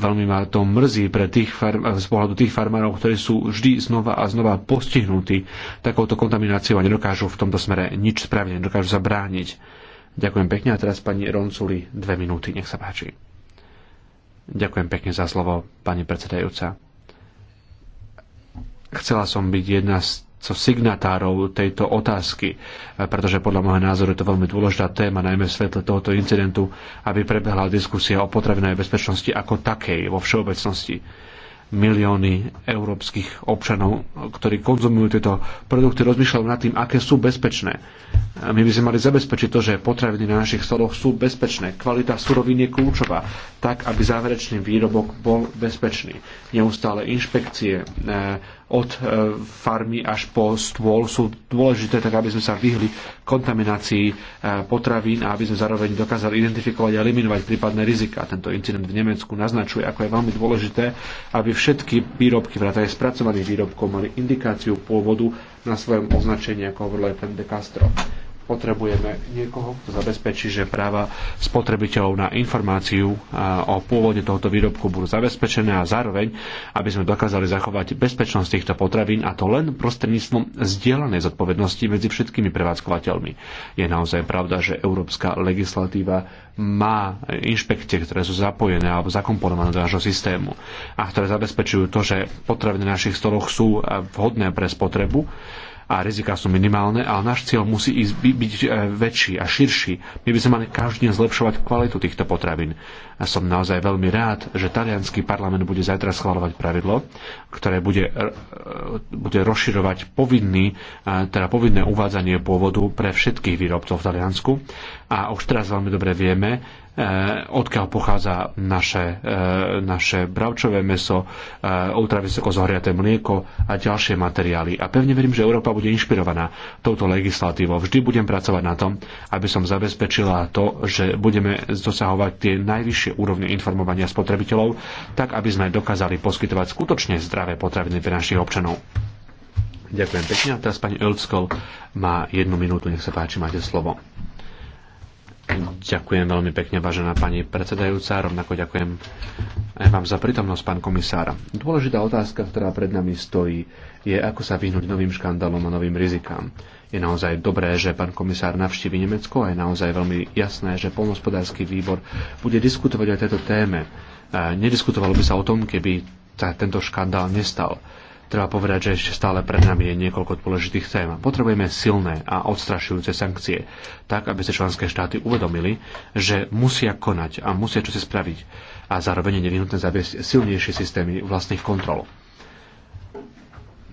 Veľmi ma to mrzí pre tých farm, z pohľadu tých farmárov, ktorí sú vždy znova a znova postihnutí takouto kontamináciou a nedokážu v tomto smere nič spraviť, nedokážu sa brániť. Ďakujem pekne a teraz pani Ronculi dve minúty, nech sa páči. Ďakujem pekne za slovo, pani predsedajúca. Chcela som byť jedna z co signatárov tejto otázky, e, pretože podľa môjho názoru je to veľmi dôležitá téma, najmä v svetle tohoto incidentu, aby prebehla diskusia o potravinovej bezpečnosti ako takej vo všeobecnosti. Milióny európskych občanov, ktorí konzumujú tieto produkty, rozmýšľajú nad tým, aké sú bezpečné. My by sme mali zabezpečiť to, že potraviny na našich stoloch sú bezpečné. Kvalita surovín je kľúčová, tak aby záverečný výrobok bol bezpečný. Neustále inšpekcie, e, od e, farmy až po stôl sú dôležité, tak aby sme sa vyhli kontaminácii e, potravín a aby sme zároveň dokázali identifikovať a eliminovať prípadné rizika. Tento incident v Nemecku naznačuje, ako je veľmi dôležité, aby všetky výrobky, vrátane spracovaných výrobkov, mali indikáciu pôvodu na svojom označení, ako hovoril aj pán De Castro potrebujeme niekoho, kto zabezpečí, že práva spotrebiteľov na informáciu o pôvode tohoto výrobku budú zabezpečené a zároveň, aby sme dokázali zachovať bezpečnosť týchto potravín a to len prostredníctvom zdieľanej zodpovednosti medzi všetkými prevádzkovateľmi. Je naozaj pravda, že európska legislatíva má inšpekcie, ktoré sú zapojené alebo zakomponované do nášho systému a ktoré zabezpečujú to, že potraviny na našich stoloch sú vhodné pre spotrebu a riziká sú minimálne, ale náš cieľ musí ísť, byť e, väčší a širší. My by sme mali každý zlepšovať kvalitu týchto potravín. A som naozaj veľmi rád, že talianský parlament bude zajtra schvalovať pravidlo, ktoré bude, e, bude rozširovať povinný, e, teda povinné uvádzanie pôvodu pre všetkých výrobcov v Taliansku. A už teraz veľmi dobre vieme, e, odkiaľ pochádza naše, naše bravčové meso, ultravysoko zohriaté mlieko a ďalšie materiály. A pevne verím, že Európa bude inšpirovaná touto legislatívou. Vždy budem pracovať na tom, aby som zabezpečila to, že budeme dosahovať tie najvyššie najvyššej úrovne informovania spotrebiteľov, tak aby sme dokázali poskytovať skutočne zdravé potraviny pre našich občanov. Ďakujem pekne. A teraz pani Ölskol má jednu minútu. Nech sa páči, máte slovo. Ďakujem veľmi pekne, vážená pani predsedajúca. Rovnako ďakujem aj vám za prítomnosť, pán komisár. Dôležitá otázka, ktorá pred nami stojí, je, ako sa vyhnúť novým škandálom a novým rizikám. Je naozaj dobré, že pán komisár navštívi Nemecko a je naozaj veľmi jasné, že polnospodársky výbor bude diskutovať o tejto téme. E, nediskutovalo by sa o tom, keby ta, tento škandál nestal. Treba povedať, že ešte stále pred nami je niekoľko dôležitých tém. Potrebujeme silné a odstrašujúce sankcie, tak aby sa členské štáty uvedomili, že musia konať a musia čo si spraviť a zároveň je nevyhnutné zaviesť silnejšie systémy vlastných kontrol.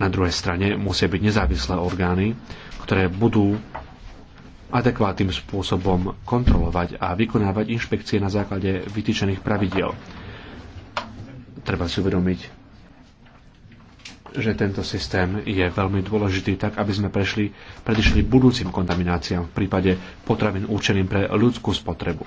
Na druhej strane musia byť nezávislé orgány, ktoré budú adekvátnym spôsobom kontrolovať a vykonávať inšpekcie na základe vytýčených pravidiel. Treba si uvedomiť, že tento systém je veľmi dôležitý tak, aby sme prešli, predišli budúcim kontamináciám v prípade potravín určeným pre ľudskú spotrebu.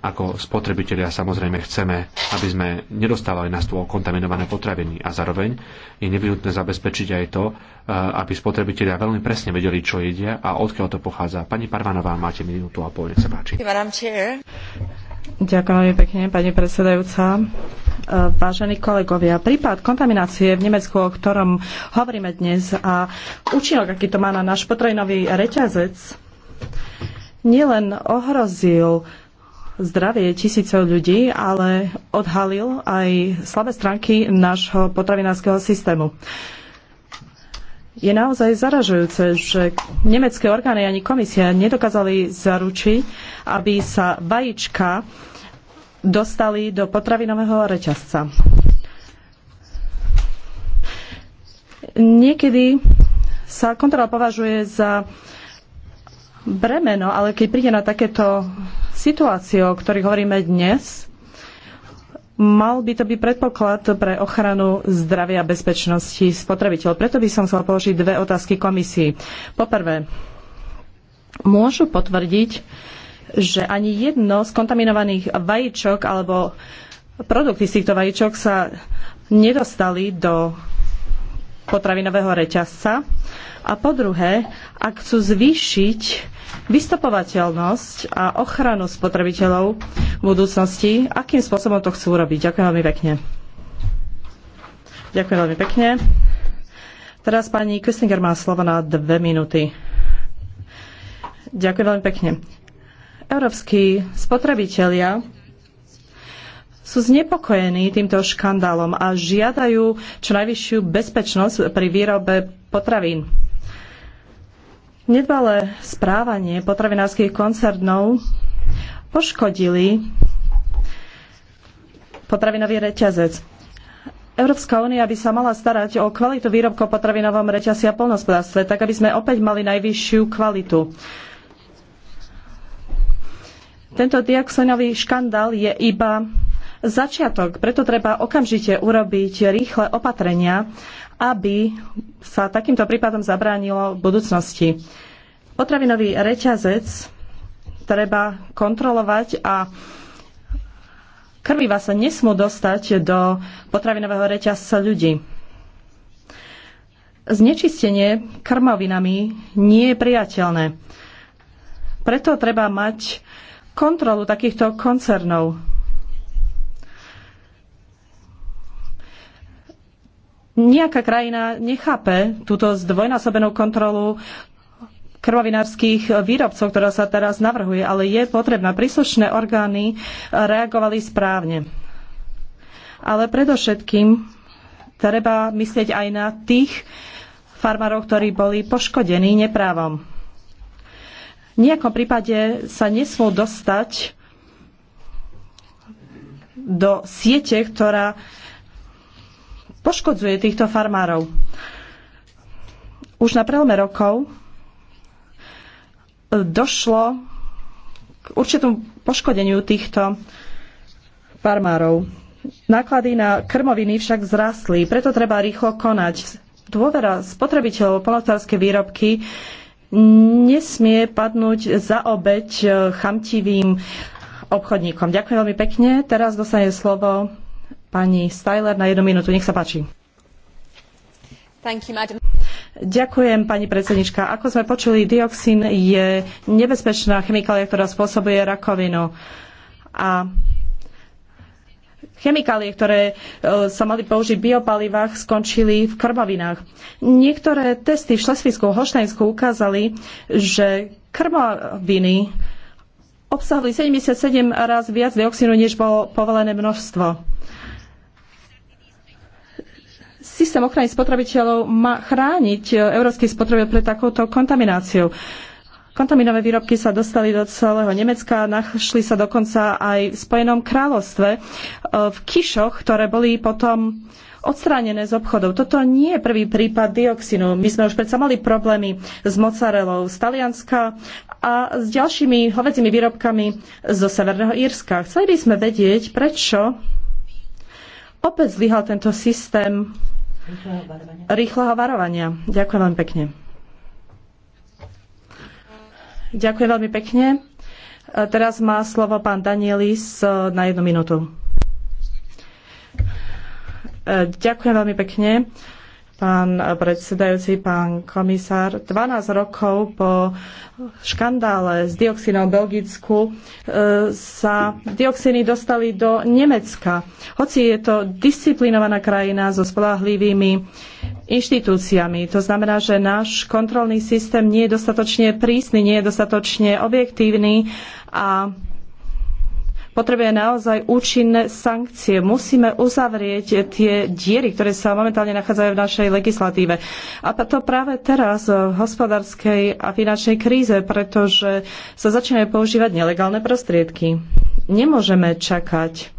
Ako spotrebitelia samozrejme chceme, aby sme nedostávali na stôl kontaminované potraviny a zároveň je nevyhnutné zabezpečiť aj to, eh, aby spotrebitelia veľmi presne vedeli, čo jedia a odkiaľ to pochádza. Pani Parvanová, máte minútu a pol, nech sa páči. Ďakujem veľmi pekne, pani predsedajúca. Eh, vážení kolegovia, prípad kontaminácie v Nemecku, o ktorom hovoríme dnes a účinok, aký to má na náš potravinový reťazec, nielen ohrozil zdravie tisícov ľudí, ale odhalil aj slabé stránky nášho potravinárskeho systému. Je naozaj zaražujúce, že nemecké orgány ani komisia nedokázali zaručiť, aby sa vajíčka dostali do potravinového reťazca. Niekedy sa kontrola považuje za bremeno, ale keď príde na takéto situácie, o ktorých hovoríme dnes, mal by to byť predpoklad pre ochranu zdravia a bezpečnosti spotrebiteľov. Preto by som chcela položiť dve otázky komisii. Poprvé, môžu potvrdiť, že ani jedno z kontaminovaných vajíčok alebo produkty z týchto vajíčok sa nedostali do potravinového reťazca. A po druhé, ak chcú zvýšiť vystopovateľnosť a ochranu spotrebiteľov v budúcnosti, akým spôsobom to chcú urobiť. Ďakujem veľmi pekne. Ďakujem veľmi pekne. Teraz pani Köstinger má slovo na dve minúty. Ďakujem veľmi pekne. Európsky spotrebitelia sú znepokojení týmto škandálom a žiadajú čo najvyššiu bezpečnosť pri výrobe potravín. Nedbalé správanie potravinárskych koncernov poškodili potravinový reťazec. Európska únia by sa mala starať o kvalitu výrobkov potravinovom reťazci a polnospodárstve, tak aby sme opäť mali najvyššiu kvalitu. Tento dioxinový škandál je iba začiatok, preto treba okamžite urobiť rýchle opatrenia, aby sa takýmto prípadom zabránilo v budúcnosti. Potravinový reťazec treba kontrolovať a krvíva sa nesmú dostať do potravinového reťazca ľudí. Znečistenie krmovinami nie je priateľné. Preto treba mať kontrolu takýchto koncernov Nejaká krajina nechápe túto zdvojnásobenú kontrolu krvovinárskych výrobcov, ktorá sa teraz navrhuje, ale je potrebná. Príslušné orgány reagovali správne. Ale predovšetkým treba myslieť aj na tých farmárov, ktorí boli poškodení neprávom. V nejakom prípade sa nesmú dostať do siete, ktorá poškodzuje týchto farmárov. Už na prelome rokov došlo k určitému poškodeniu týchto farmárov. Náklady na krmoviny však zrastli, preto treba rýchlo konať. Dôvera spotrebiteľov polnohospodárske výrobky nesmie padnúť za obeď chamtivým obchodníkom. Ďakujem veľmi pekne. Teraz dostane slovo Pani Styler na jednu minútu, nech sa páči. You, Ďakujem, pani predsednička. Ako sme počuli, dioxín je nebezpečná chemikália, ktorá spôsobuje rakovinu. A chemikálie, ktoré e, sa mali použiť v biopalivách, skončili v krmavinách. Niektoré testy v Šlesvísku a Holšteinsku ukázali, že krmaviny obsahli 77 raz viac dioxínu, než bolo povolené množstvo systém ochrany spotrebiteľov má chrániť e, európsky spotrebiteľ pred takouto kontamináciou. Kontaminové výrobky sa dostali do celého Nemecka, našli sa dokonca aj v Spojenom kráľovstve e, v kišoch, ktoré boli potom odstránené z obchodov. Toto nie je prvý prípad dioxinu. My sme už predsa mali problémy s mozzarellou z Talianska a s ďalšími hovedzimi výrobkami zo Severného Írska. Chceli by sme vedieť, prečo opäť zlyhal tento systém rýchleho varovania. varovania. Ďakujem veľmi pekne. Ďakujem veľmi pekne. Teraz má slovo pán Danielis e, na jednu minútu. E, ďakujem veľmi pekne pán predsedajúci, pán komisár. 12 rokov po škandále s dioxinom v Belgicku e, sa dioxiny dostali do Nemecka. Hoci je to disciplinovaná krajina so spolahlivými inštitúciami. To znamená, že náš kontrolný systém nie je dostatočne prísny, nie je dostatočne objektívny a potrebuje naozaj účinné sankcie. Musíme uzavrieť tie diery, ktoré sa momentálne nachádzajú v našej legislatíve. A to práve teraz v hospodárskej a finančnej kríze, pretože sa začínajú používať nelegálne prostriedky. Nemôžeme čakať,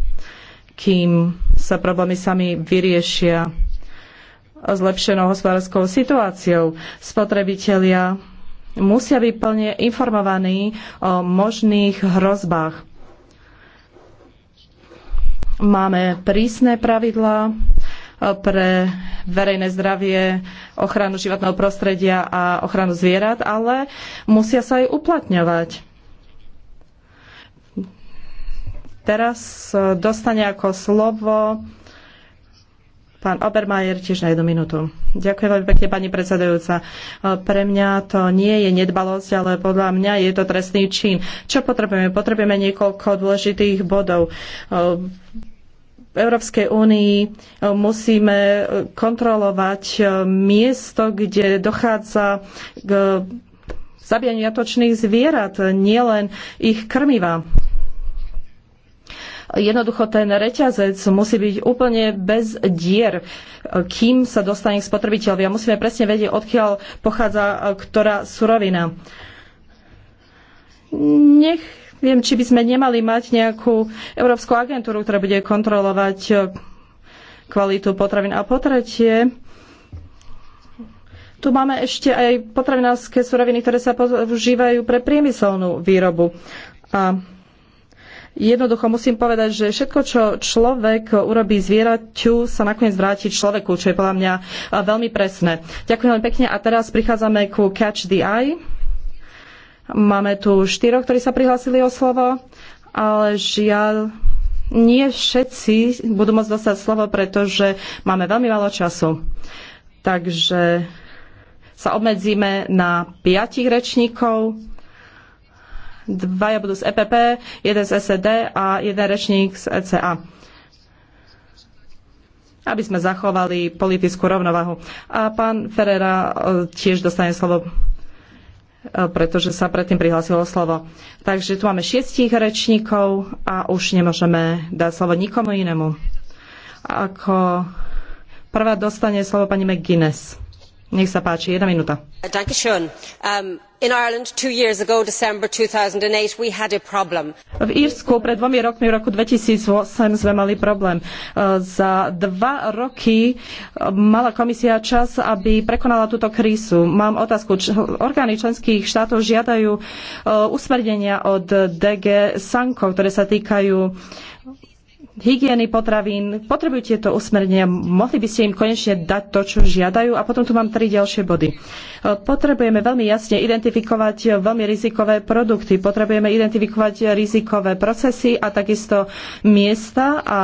kým sa problémy sami vyriešia zlepšenou hospodárskou situáciou. Spotrebitelia musia byť plne informovaní o možných hrozbách. Máme prísne pravidlá e, pre verejné zdravie, ochranu životného prostredia a ochranu zvierat, ale musia sa aj uplatňovať. Teraz e, dostane ako slovo Pán Obermajer, tiež na jednu minútu. Ďakujem veľmi pekne, pani predsedajúca. E, pre mňa to nie je nedbalosť, ale podľa mňa je to trestný čin. Čo potrebujeme? Potrebujeme niekoľko dôležitých bodov Európskej únii e, musíme e, kontrolovať e, miesto, kde dochádza k zabíjaniu jatočných zvierat, nielen ich krmiva. Jednoducho ten reťazec musí byť úplne bez dier, kým sa dostane k spotrebiteľovi. A musíme presne vedieť, odkiaľ pochádza ktorá surovina. Nech Viem, či by sme nemali mať nejakú európsku agentúru, ktorá bude kontrolovať eh, kvalitu potravín. A po tretie, tu máme ešte aj potravinárske suroviny, ktoré sa používajú pre priemyselnú výrobu. A jednoducho musím povedať, že všetko, čo človek urobí zvieraťu, sa nakoniec vráti človeku, čo je podľa mňa eh, veľmi presné. Ďakujem veľmi pekne a teraz prichádzame ku Catch the Eye. Máme tu štyroch, ktorí sa prihlásili o slovo, ale žiaľ, nie všetci budú môcť dostať slovo, pretože máme veľmi málo času. Takže sa obmedzíme na piatich rečníkov. Dvaja budú z EPP, jeden z SED a jeden rečník z ECA aby sme zachovali politickú rovnovahu. A pán Ferrera e, tiež dostane slovo E, pretože sa predtým prihlásilo slovo. Takže tu máme šiestich rečníkov a už nemôžeme dať slovo nikomu inému. Ako prvá dostane slovo pani McGuinness. Nech sa páči, jedna minúta. Um, v Írsku pred dvomi rokmi, v roku 2008, sme mali problém. Uh, za dva roky uh, mala komisia čas, aby prekonala túto krízu. Mám otázku. Orgány členských štátov žiadajú uh, usmernenia od DG Sanko, ktoré sa týkajú hygieny potravín potrebujú tieto usmernenia, mohli by ste im konečne dať to, čo žiadajú. A potom tu mám tri ďalšie body. E, potrebujeme veľmi jasne identifikovať veľmi rizikové produkty, potrebujeme identifikovať rizikové procesy a takisto miesta a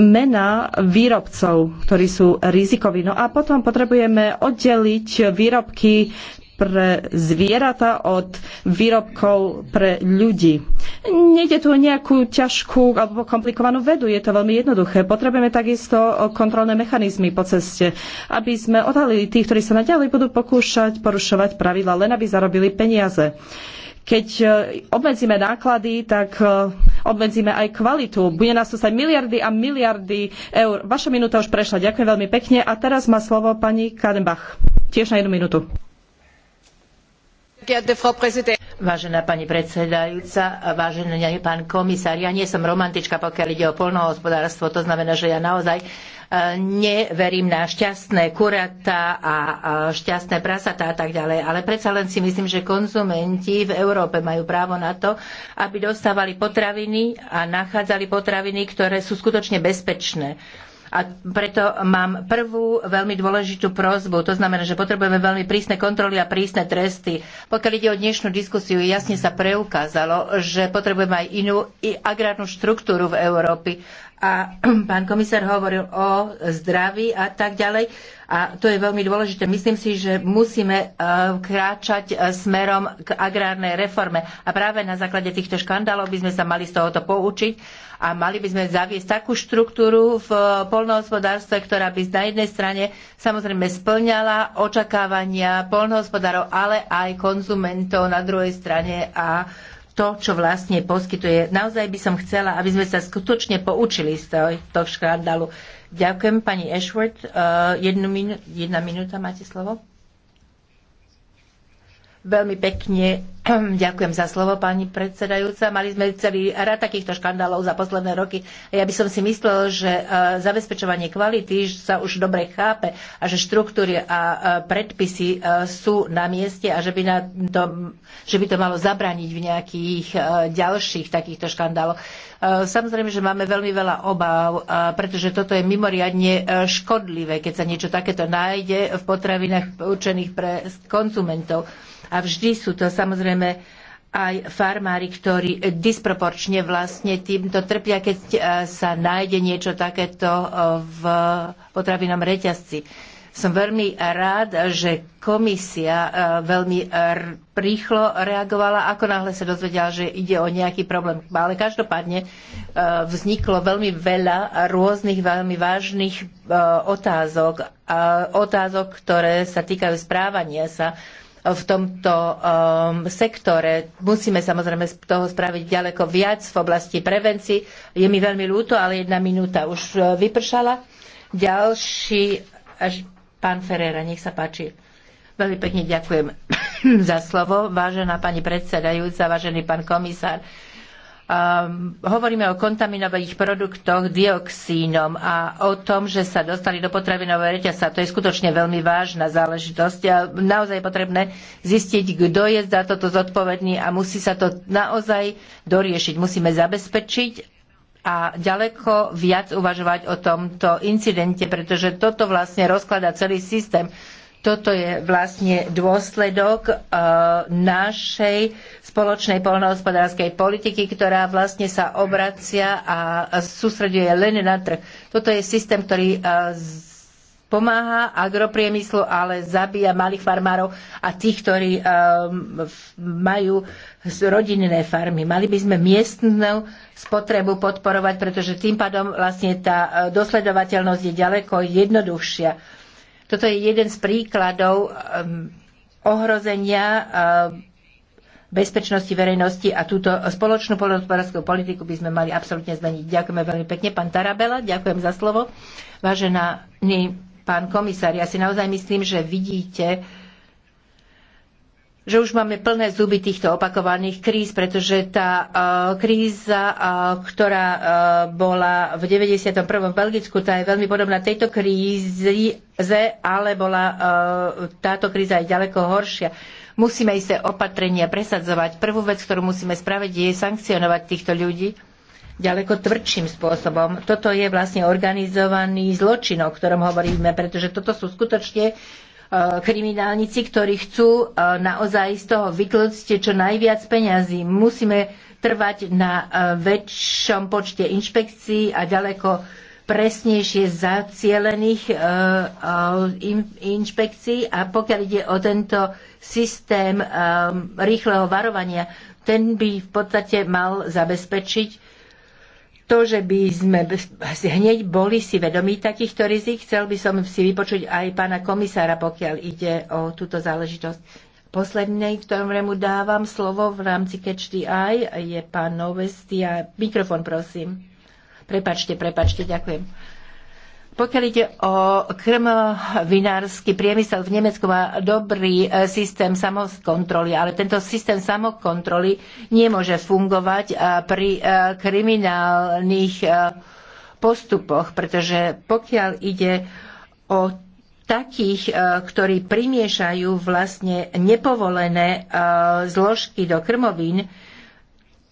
mená výrobcov, ktorí sú rizikoví. No a potom potrebujeme oddeliť výrobky pre zvieratá od výrobkov pre ľudí. Nejde tu o nejakú ťažkú alebo komplikovanú vedu, je to veľmi jednoduché. Potrebujeme takisto kontrolné mechanizmy po ceste, aby sme odhalili tých, ktorí sa naďalej budú pokúšať porušovať pravidla, len aby zarobili peniaze. Keď e, obmedzíme náklady, tak e, obmedzíme aj kvalitu. Bude nás tu stať miliardy a miliardy eur. Vaša minúta už prešla. Ďakujem veľmi pekne. A teraz má slovo pani Kadenbach. Tiež na jednu minútu. Vážená pani predsedajúca, vážený pán komisár, ja nie som romantička, pokiaľ ide o poľnohospodárstvo, to znamená, že ja naozaj e, neverím na šťastné kuratá a šťastné prasatá a tak ďalej, ale predsa len si myslím, že konzumenti v Európe majú právo na to, aby dostávali potraviny a nachádzali potraviny, ktoré sú skutočne bezpečné a preto mám prvú veľmi dôležitú prozbu. To znamená, že potrebujeme veľmi prísne kontroly a prísne tresty. Pokiaľ ide o dnešnú diskusiu, jasne sa preukázalo, že potrebujeme aj inú agrárnu štruktúru v Európe. A pán komisár hovoril o zdraví a tak ďalej a to je veľmi dôležité. Myslím si, že musíme e, kráčať e, smerom k agrárnej reforme. A práve na základe týchto škandálov by sme sa mali z tohoto poučiť a mali by sme zaviesť takú štruktúru v poľnohospodárstve, ktorá by na jednej strane samozrejme splňala očakávania poľnohospodárov, ale aj konzumentov na druhej strane a to, čo vlastne poskytuje. Naozaj by som chcela, aby sme sa skutočne poučili z toho škandálu. Ďakujem, pani Ashworth. Eh, jednu minu- jedna minúta máte slovo. Veľmi pekne ďakujem za slovo, pani predsedajúca. Mali sme celý rad takýchto škandálov za posledné roky. Ja by som si myslel, že e, zabezpečovanie kvality sa už dobre chápe a že štruktúry a e, predpisy e, sú na mieste a že by, na to, že by to malo zabrániť v nejakých ďalších takýchto škandáloch. Samozrejme, že máme veľmi veľa obáv, pretože toto je mimoriadne škodlivé, keď sa niečo takéto nájde v potravinách určených pre konzumentov. A vždy sú to samozrejme aj farmári, ktorí disproporčne vlastne týmto trpia, keď e, sa nájde niečo takéto e, v potravinom reťazci. Som veľmi rád, že komisia e, veľmi rýchlo reagovala, ako náhle sa dozvedela, že ide o nejaký problém. Ale každopádne vzniklo veľmi veľa rôznych veľmi vážnych otázok, otázok, ktoré sa týkajú správania sa v tomto um, sektore. Musíme samozrejme z toho spraviť ďaleko viac v oblasti prevencií. Je mi veľmi ľúto, ale jedna minúta už uh, vypršala. Ďalší, až pán Ferreira, nech sa páči. Veľmi pekne ďakujem za slovo, vážená pani predsedajúca, vážený pán komisár. Ehm, hovoríme o kontaminovaných produktoch dioxínom a o tom, že sa dostali do potravinového reťazca. To je skutočne veľmi vážna záležitosť a naozaj je potrebné zistiť, kto je za toto zodpovedný a musí sa to naozaj doriešiť. Musíme zabezpečiť a ďaleko viac uvažovať o tomto incidente, pretože toto vlastne rozkladá celý systém toto je vlastne dôsledok e, našej spoločnej poľnohospodárskej politiky, ktorá vlastne sa obracia a sústreduje len na trh. Toto je systém, ktorý e, pomáha agropriemyslu, ale zabíja malých farmárov a tých, ktorí e, majú rodinné farmy. Mali by sme miestnú spotrebu podporovať, pretože tým pádom vlastne tá dosledovateľnosť je ďaleko jednoduchšia toto je jeden z príkladov um, ohrozenia um, bezpečnosti verejnosti a túto spoločnú poľnohospodárskú politiku by sme mali absolútne zmeniť. Ďakujeme veľmi pekne, pán Tarabela, ďakujem za slovo. Vážená pán komisár, ja si naozaj myslím, že vidíte že už máme plné zuby týchto opakovaných kríz, pretože tá e, kríza, e, ktorá e, bola v 91. v Belgicku, tá je veľmi podobná tejto krízi, ale bola táto kríza aj ďaleko horšia musíme isté opatrenia presadzovať. Prvú vec, ktorú musíme spraviť, je sankcionovať týchto ľudí ďaleko tvrdším spôsobom. Toto je vlastne organizovaný zločin, o ktorom hovoríme, pretože toto sú skutočne E, kriminálnici, ktorí chcú e, naozaj z toho vytlcť čo najviac peňazí. Musíme trvať na e, väčšom počte inšpekcií a ďaleko presnejšie zacielených inšpekcií a pokiaľ ide o tento systém rýchleho varovania, ten by v podstate mal zabezpečiť to, že by sme hneď boli si vedomí takýchto rizik. Chcel by som si vypočuť aj pána komisára, pokiaľ ide o túto záležitosť. Posledný, ktorému dávam slovo v rámci Catch the Eye, je pán Novestia. Mikrofón, prosím. Prepačte, prepačte, ďakujem. Pokiaľ ide o krmovinársky priemysel v Nemecku má dobrý e, systém samokontroly, ale tento systém samokontroly nemôže fungovať e, pri e, kriminálnych postupoch, pretože pokiaľ ide o takých, ktorí primiešajú vlastne nepovolené zložky do krmovín,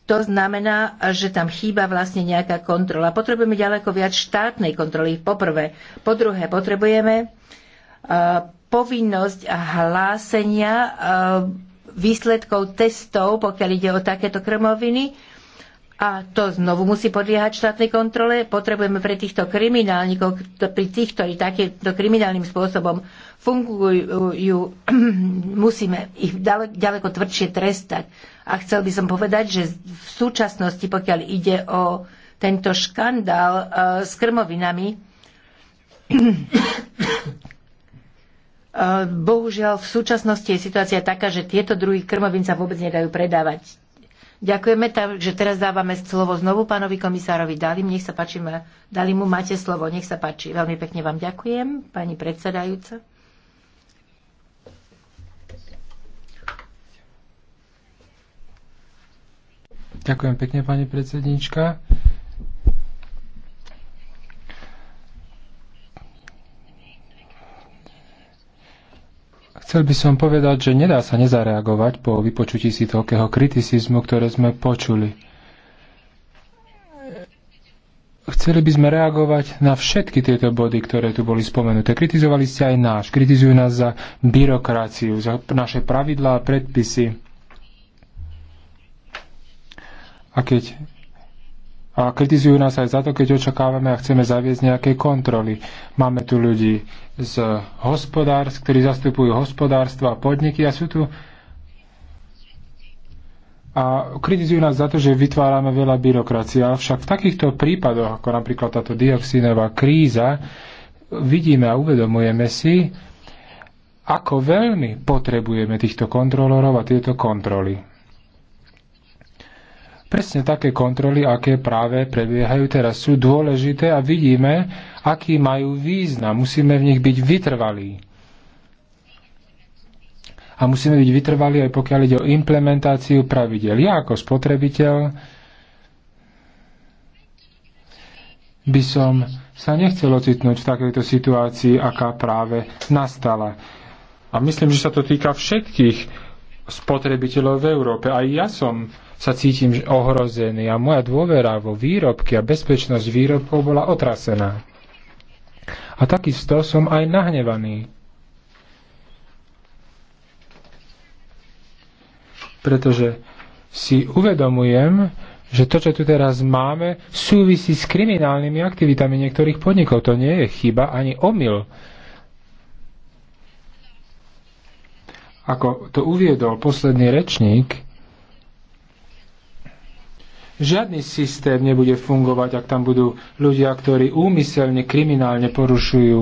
to znamená, že tam chýba vlastne nejaká kontrola. Potrebujeme ďaleko viac štátnej kontroly, poprvé. Po druhé, potrebujeme e, povinnosť hlásenia e, výsledkov testov, pokiaľ ide o takéto krmoviny a to znovu musí podliehať štátnej kontrole. Potrebujeme pre týchto kriminálnikov, pri tých, ktorí takýmto kriminálnym spôsobom fungujú, musíme ich ďaleko tvrdšie trestať. A chcel by som povedať, že v súčasnosti, pokiaľ ide o tento škandál e, s krmovinami, e, bohužiaľ v súčasnosti je situácia taká, že tieto druhy krmovín sa vôbec nedajú predávať Ďakujeme, takže teraz dávame slovo znovu pánovi komisárovi Dalim. Nech sa páči, Dalimu máte slovo. Nech sa páči. Veľmi pekne vám ďakujem, pani predsedajúca. Ďakujem pekne, pani predsednička. Chcel by som povedať, že nedá sa nezareagovať po vypočutí si toľkého kriticizmu, ktoré sme počuli. Chceli by sme reagovať na všetky tieto body, ktoré tu boli spomenuté. Kritizovali ste aj náš, kritizujú nás za byrokraciu, za naše pravidlá a predpisy. A keď a kritizujú nás aj za to, keď očakávame a chceme zaviesť nejaké kontroly. Máme tu ľudí z hospodárstv, ktorí zastupujú hospodárstva a podniky a sú tu a kritizujú nás za to, že vytvárame veľa byrokracie. Avšak v takýchto prípadoch, ako napríklad táto dioxinová kríza, vidíme a uvedomujeme si, ako veľmi potrebujeme týchto kontrolorov a tieto kontroly. Presne také kontroly, aké práve prebiehajú teraz, sú dôležité a vidíme, aký majú význam. Musíme v nich byť vytrvalí. A musíme byť vytrvalí aj pokiaľ ide o implementáciu pravidel. Ja ako spotrebiteľ by som sa nechcel ocitnúť v takejto situácii, aká práve nastala. A myslím, že sa to týka všetkých spotrebiteľov v Európe. Aj ja som sa cítim ohrozený a moja dôvera vo výrobky a bezpečnosť výrobkov bola otrasená. A takisto som aj nahnevaný. Pretože si uvedomujem, že to, čo tu teraz máme, súvisí s kriminálnymi aktivitami niektorých podnikov. To nie je chyba ani omyl. ako to uviedol posledný rečník, žiadny systém nebude fungovať, ak tam budú ľudia, ktorí úmyselne, kriminálne porušujú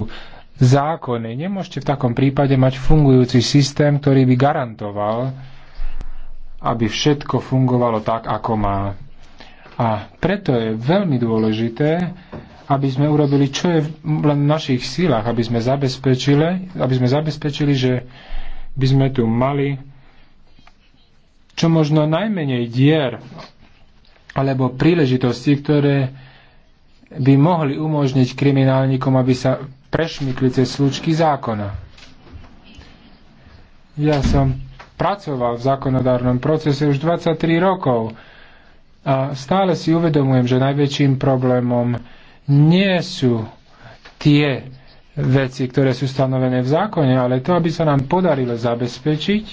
zákony. Nemôžete v takom prípade mať fungujúci systém, ktorý by garantoval, aby všetko fungovalo tak, ako má. A preto je veľmi dôležité, aby sme urobili, čo je len v našich sílach, aby sme zabezpečili, aby sme zabezpečili že by sme tu mali čo možno najmenej dier alebo príležitosti, ktoré by mohli umožniť kriminálnikom, aby sa prešmykli cez slučky zákona. Ja som pracoval v zákonodárnom procese už 23 rokov a stále si uvedomujem, že najväčším problémom nie sú tie veci, ktoré sú stanovené v zákone, ale to, aby sa nám podarilo zabezpečiť,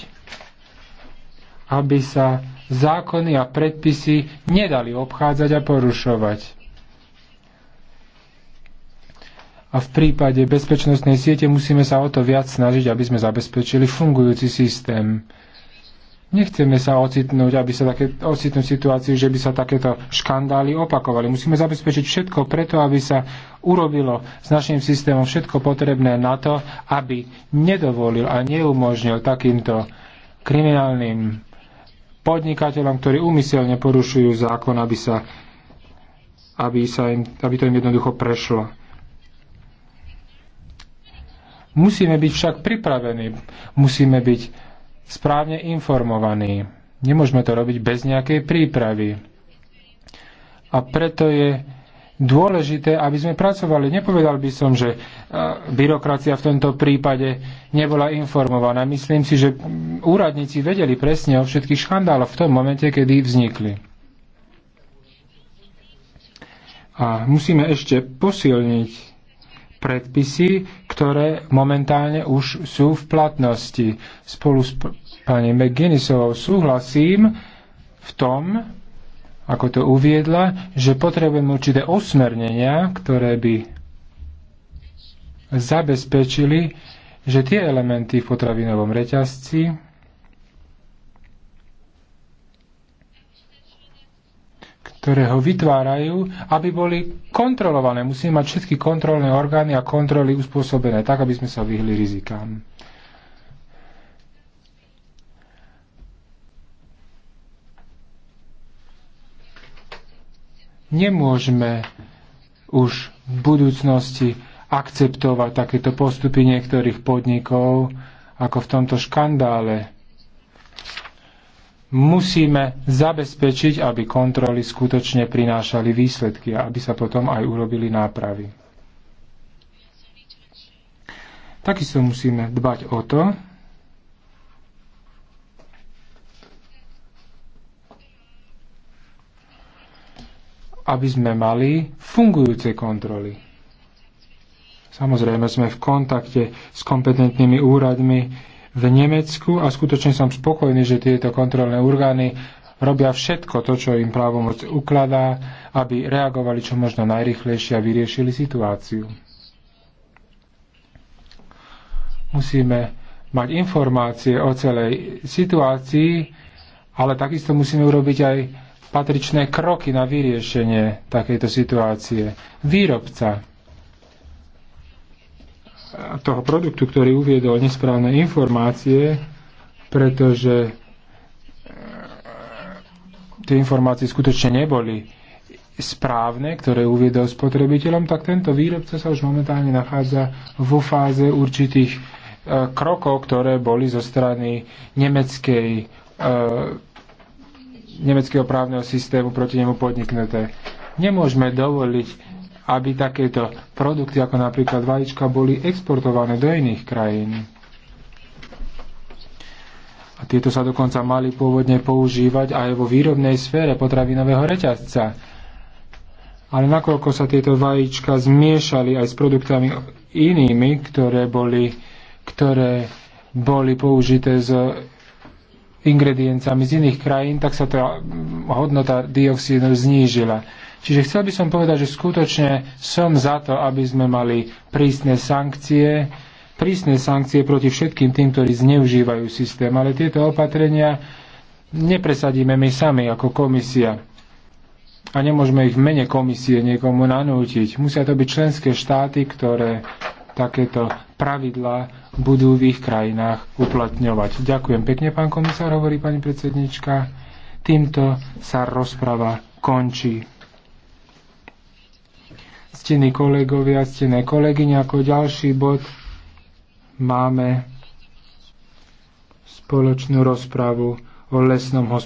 aby sa zákony a predpisy nedali obchádzať a porušovať. A v prípade bezpečnostnej siete musíme sa o to viac snažiť, aby sme zabezpečili fungujúci systém. Nechceme sa ocitnúť, aby sa také, ocitnúť situáciu, že by sa takéto škandály opakovali. Musíme zabezpečiť všetko preto, aby sa urobilo s našim systémom všetko potrebné na to, aby nedovolil a neumožnil takýmto kriminálnym podnikateľom, ktorí úmyselne porušujú zákon, aby, sa, aby, sa im, aby to im jednoducho prešlo. Musíme byť však pripravení, musíme byť správne informovaní. Nemôžeme to robiť bez nejakej prípravy. A preto je dôležité, aby sme pracovali. Nepovedal by som, že byrokracia v tomto prípade nebola informovaná. Myslím si, že úradníci vedeli presne o všetkých škandáloch v tom momente, kedy vznikli. A musíme ešte posilniť predpisy, ktoré momentálne už sú v platnosti. Spolu s pani McGuinnessovou súhlasím v tom, ako to uviedla, že potrebujeme určité osmernenia, ktoré by zabezpečili, že tie elementy v potravinovom reťazci ktoré ho vytvárajú, aby boli kontrolované. Musíme mať všetky kontrolné orgány a kontroly uspôsobené tak, aby sme sa vyhli rizikám. Nemôžeme už v budúcnosti akceptovať takéto postupy niektorých podnikov, ako v tomto škandále musíme zabezpečiť, aby kontroly skutočne prinášali výsledky a aby sa potom aj urobili nápravy. Takisto musíme dbať o to, aby sme mali fungujúce kontroly. Samozrejme sme v kontakte s kompetentnými úradmi, v Nemecku a skutočne som spokojný, že tieto kontrolné orgány robia všetko to, čo im právomoc ukladá, aby reagovali čo možno najrychlejšie a vyriešili situáciu. Musíme mať informácie o celej situácii, ale takisto musíme urobiť aj patričné kroky na vyriešenie takejto situácie. Výrobca toho produktu, ktorý uviedol nesprávne informácie, pretože e, tie informácie skutočne neboli správne, ktoré uviedol spotrebiteľom, tak tento výrobca sa už momentálne nachádza vo fáze určitých e, krokov, ktoré boli zo strany nemeckej, e, nemeckého právneho systému proti nemu podniknuté. Nemôžeme dovoliť aby takéto produkty, ako napríklad vajíčka, boli exportované do iných krajín. A tieto sa dokonca mali pôvodne používať aj vo výrobnej sfére potravinového reťazca. Ale nakoľko sa tieto vajíčka zmiešali aj s produktami inými, ktoré boli, ktoré boli použité z ingrediencami z iných krajín, tak sa tá hodnota dioxínu znížila. Čiže chcel by som povedať, že skutočne som za to, aby sme mali prísne sankcie, prísne sankcie proti všetkým tým, ktorí zneužívajú systém, ale tieto opatrenia nepresadíme my sami ako komisia. A nemôžeme ich v mene komisie niekomu nanútiť. Musia to byť členské štáty, ktoré takéto pravidlá budú v ich krajinách uplatňovať. Ďakujem pekne, pán komisár, hovorí pani predsednička. Týmto sa rozprava končí. Ctení kolegovia, ctené kolegyne, ako ďalší bod máme spoločnú rozpravu o lesnom hospodárstve.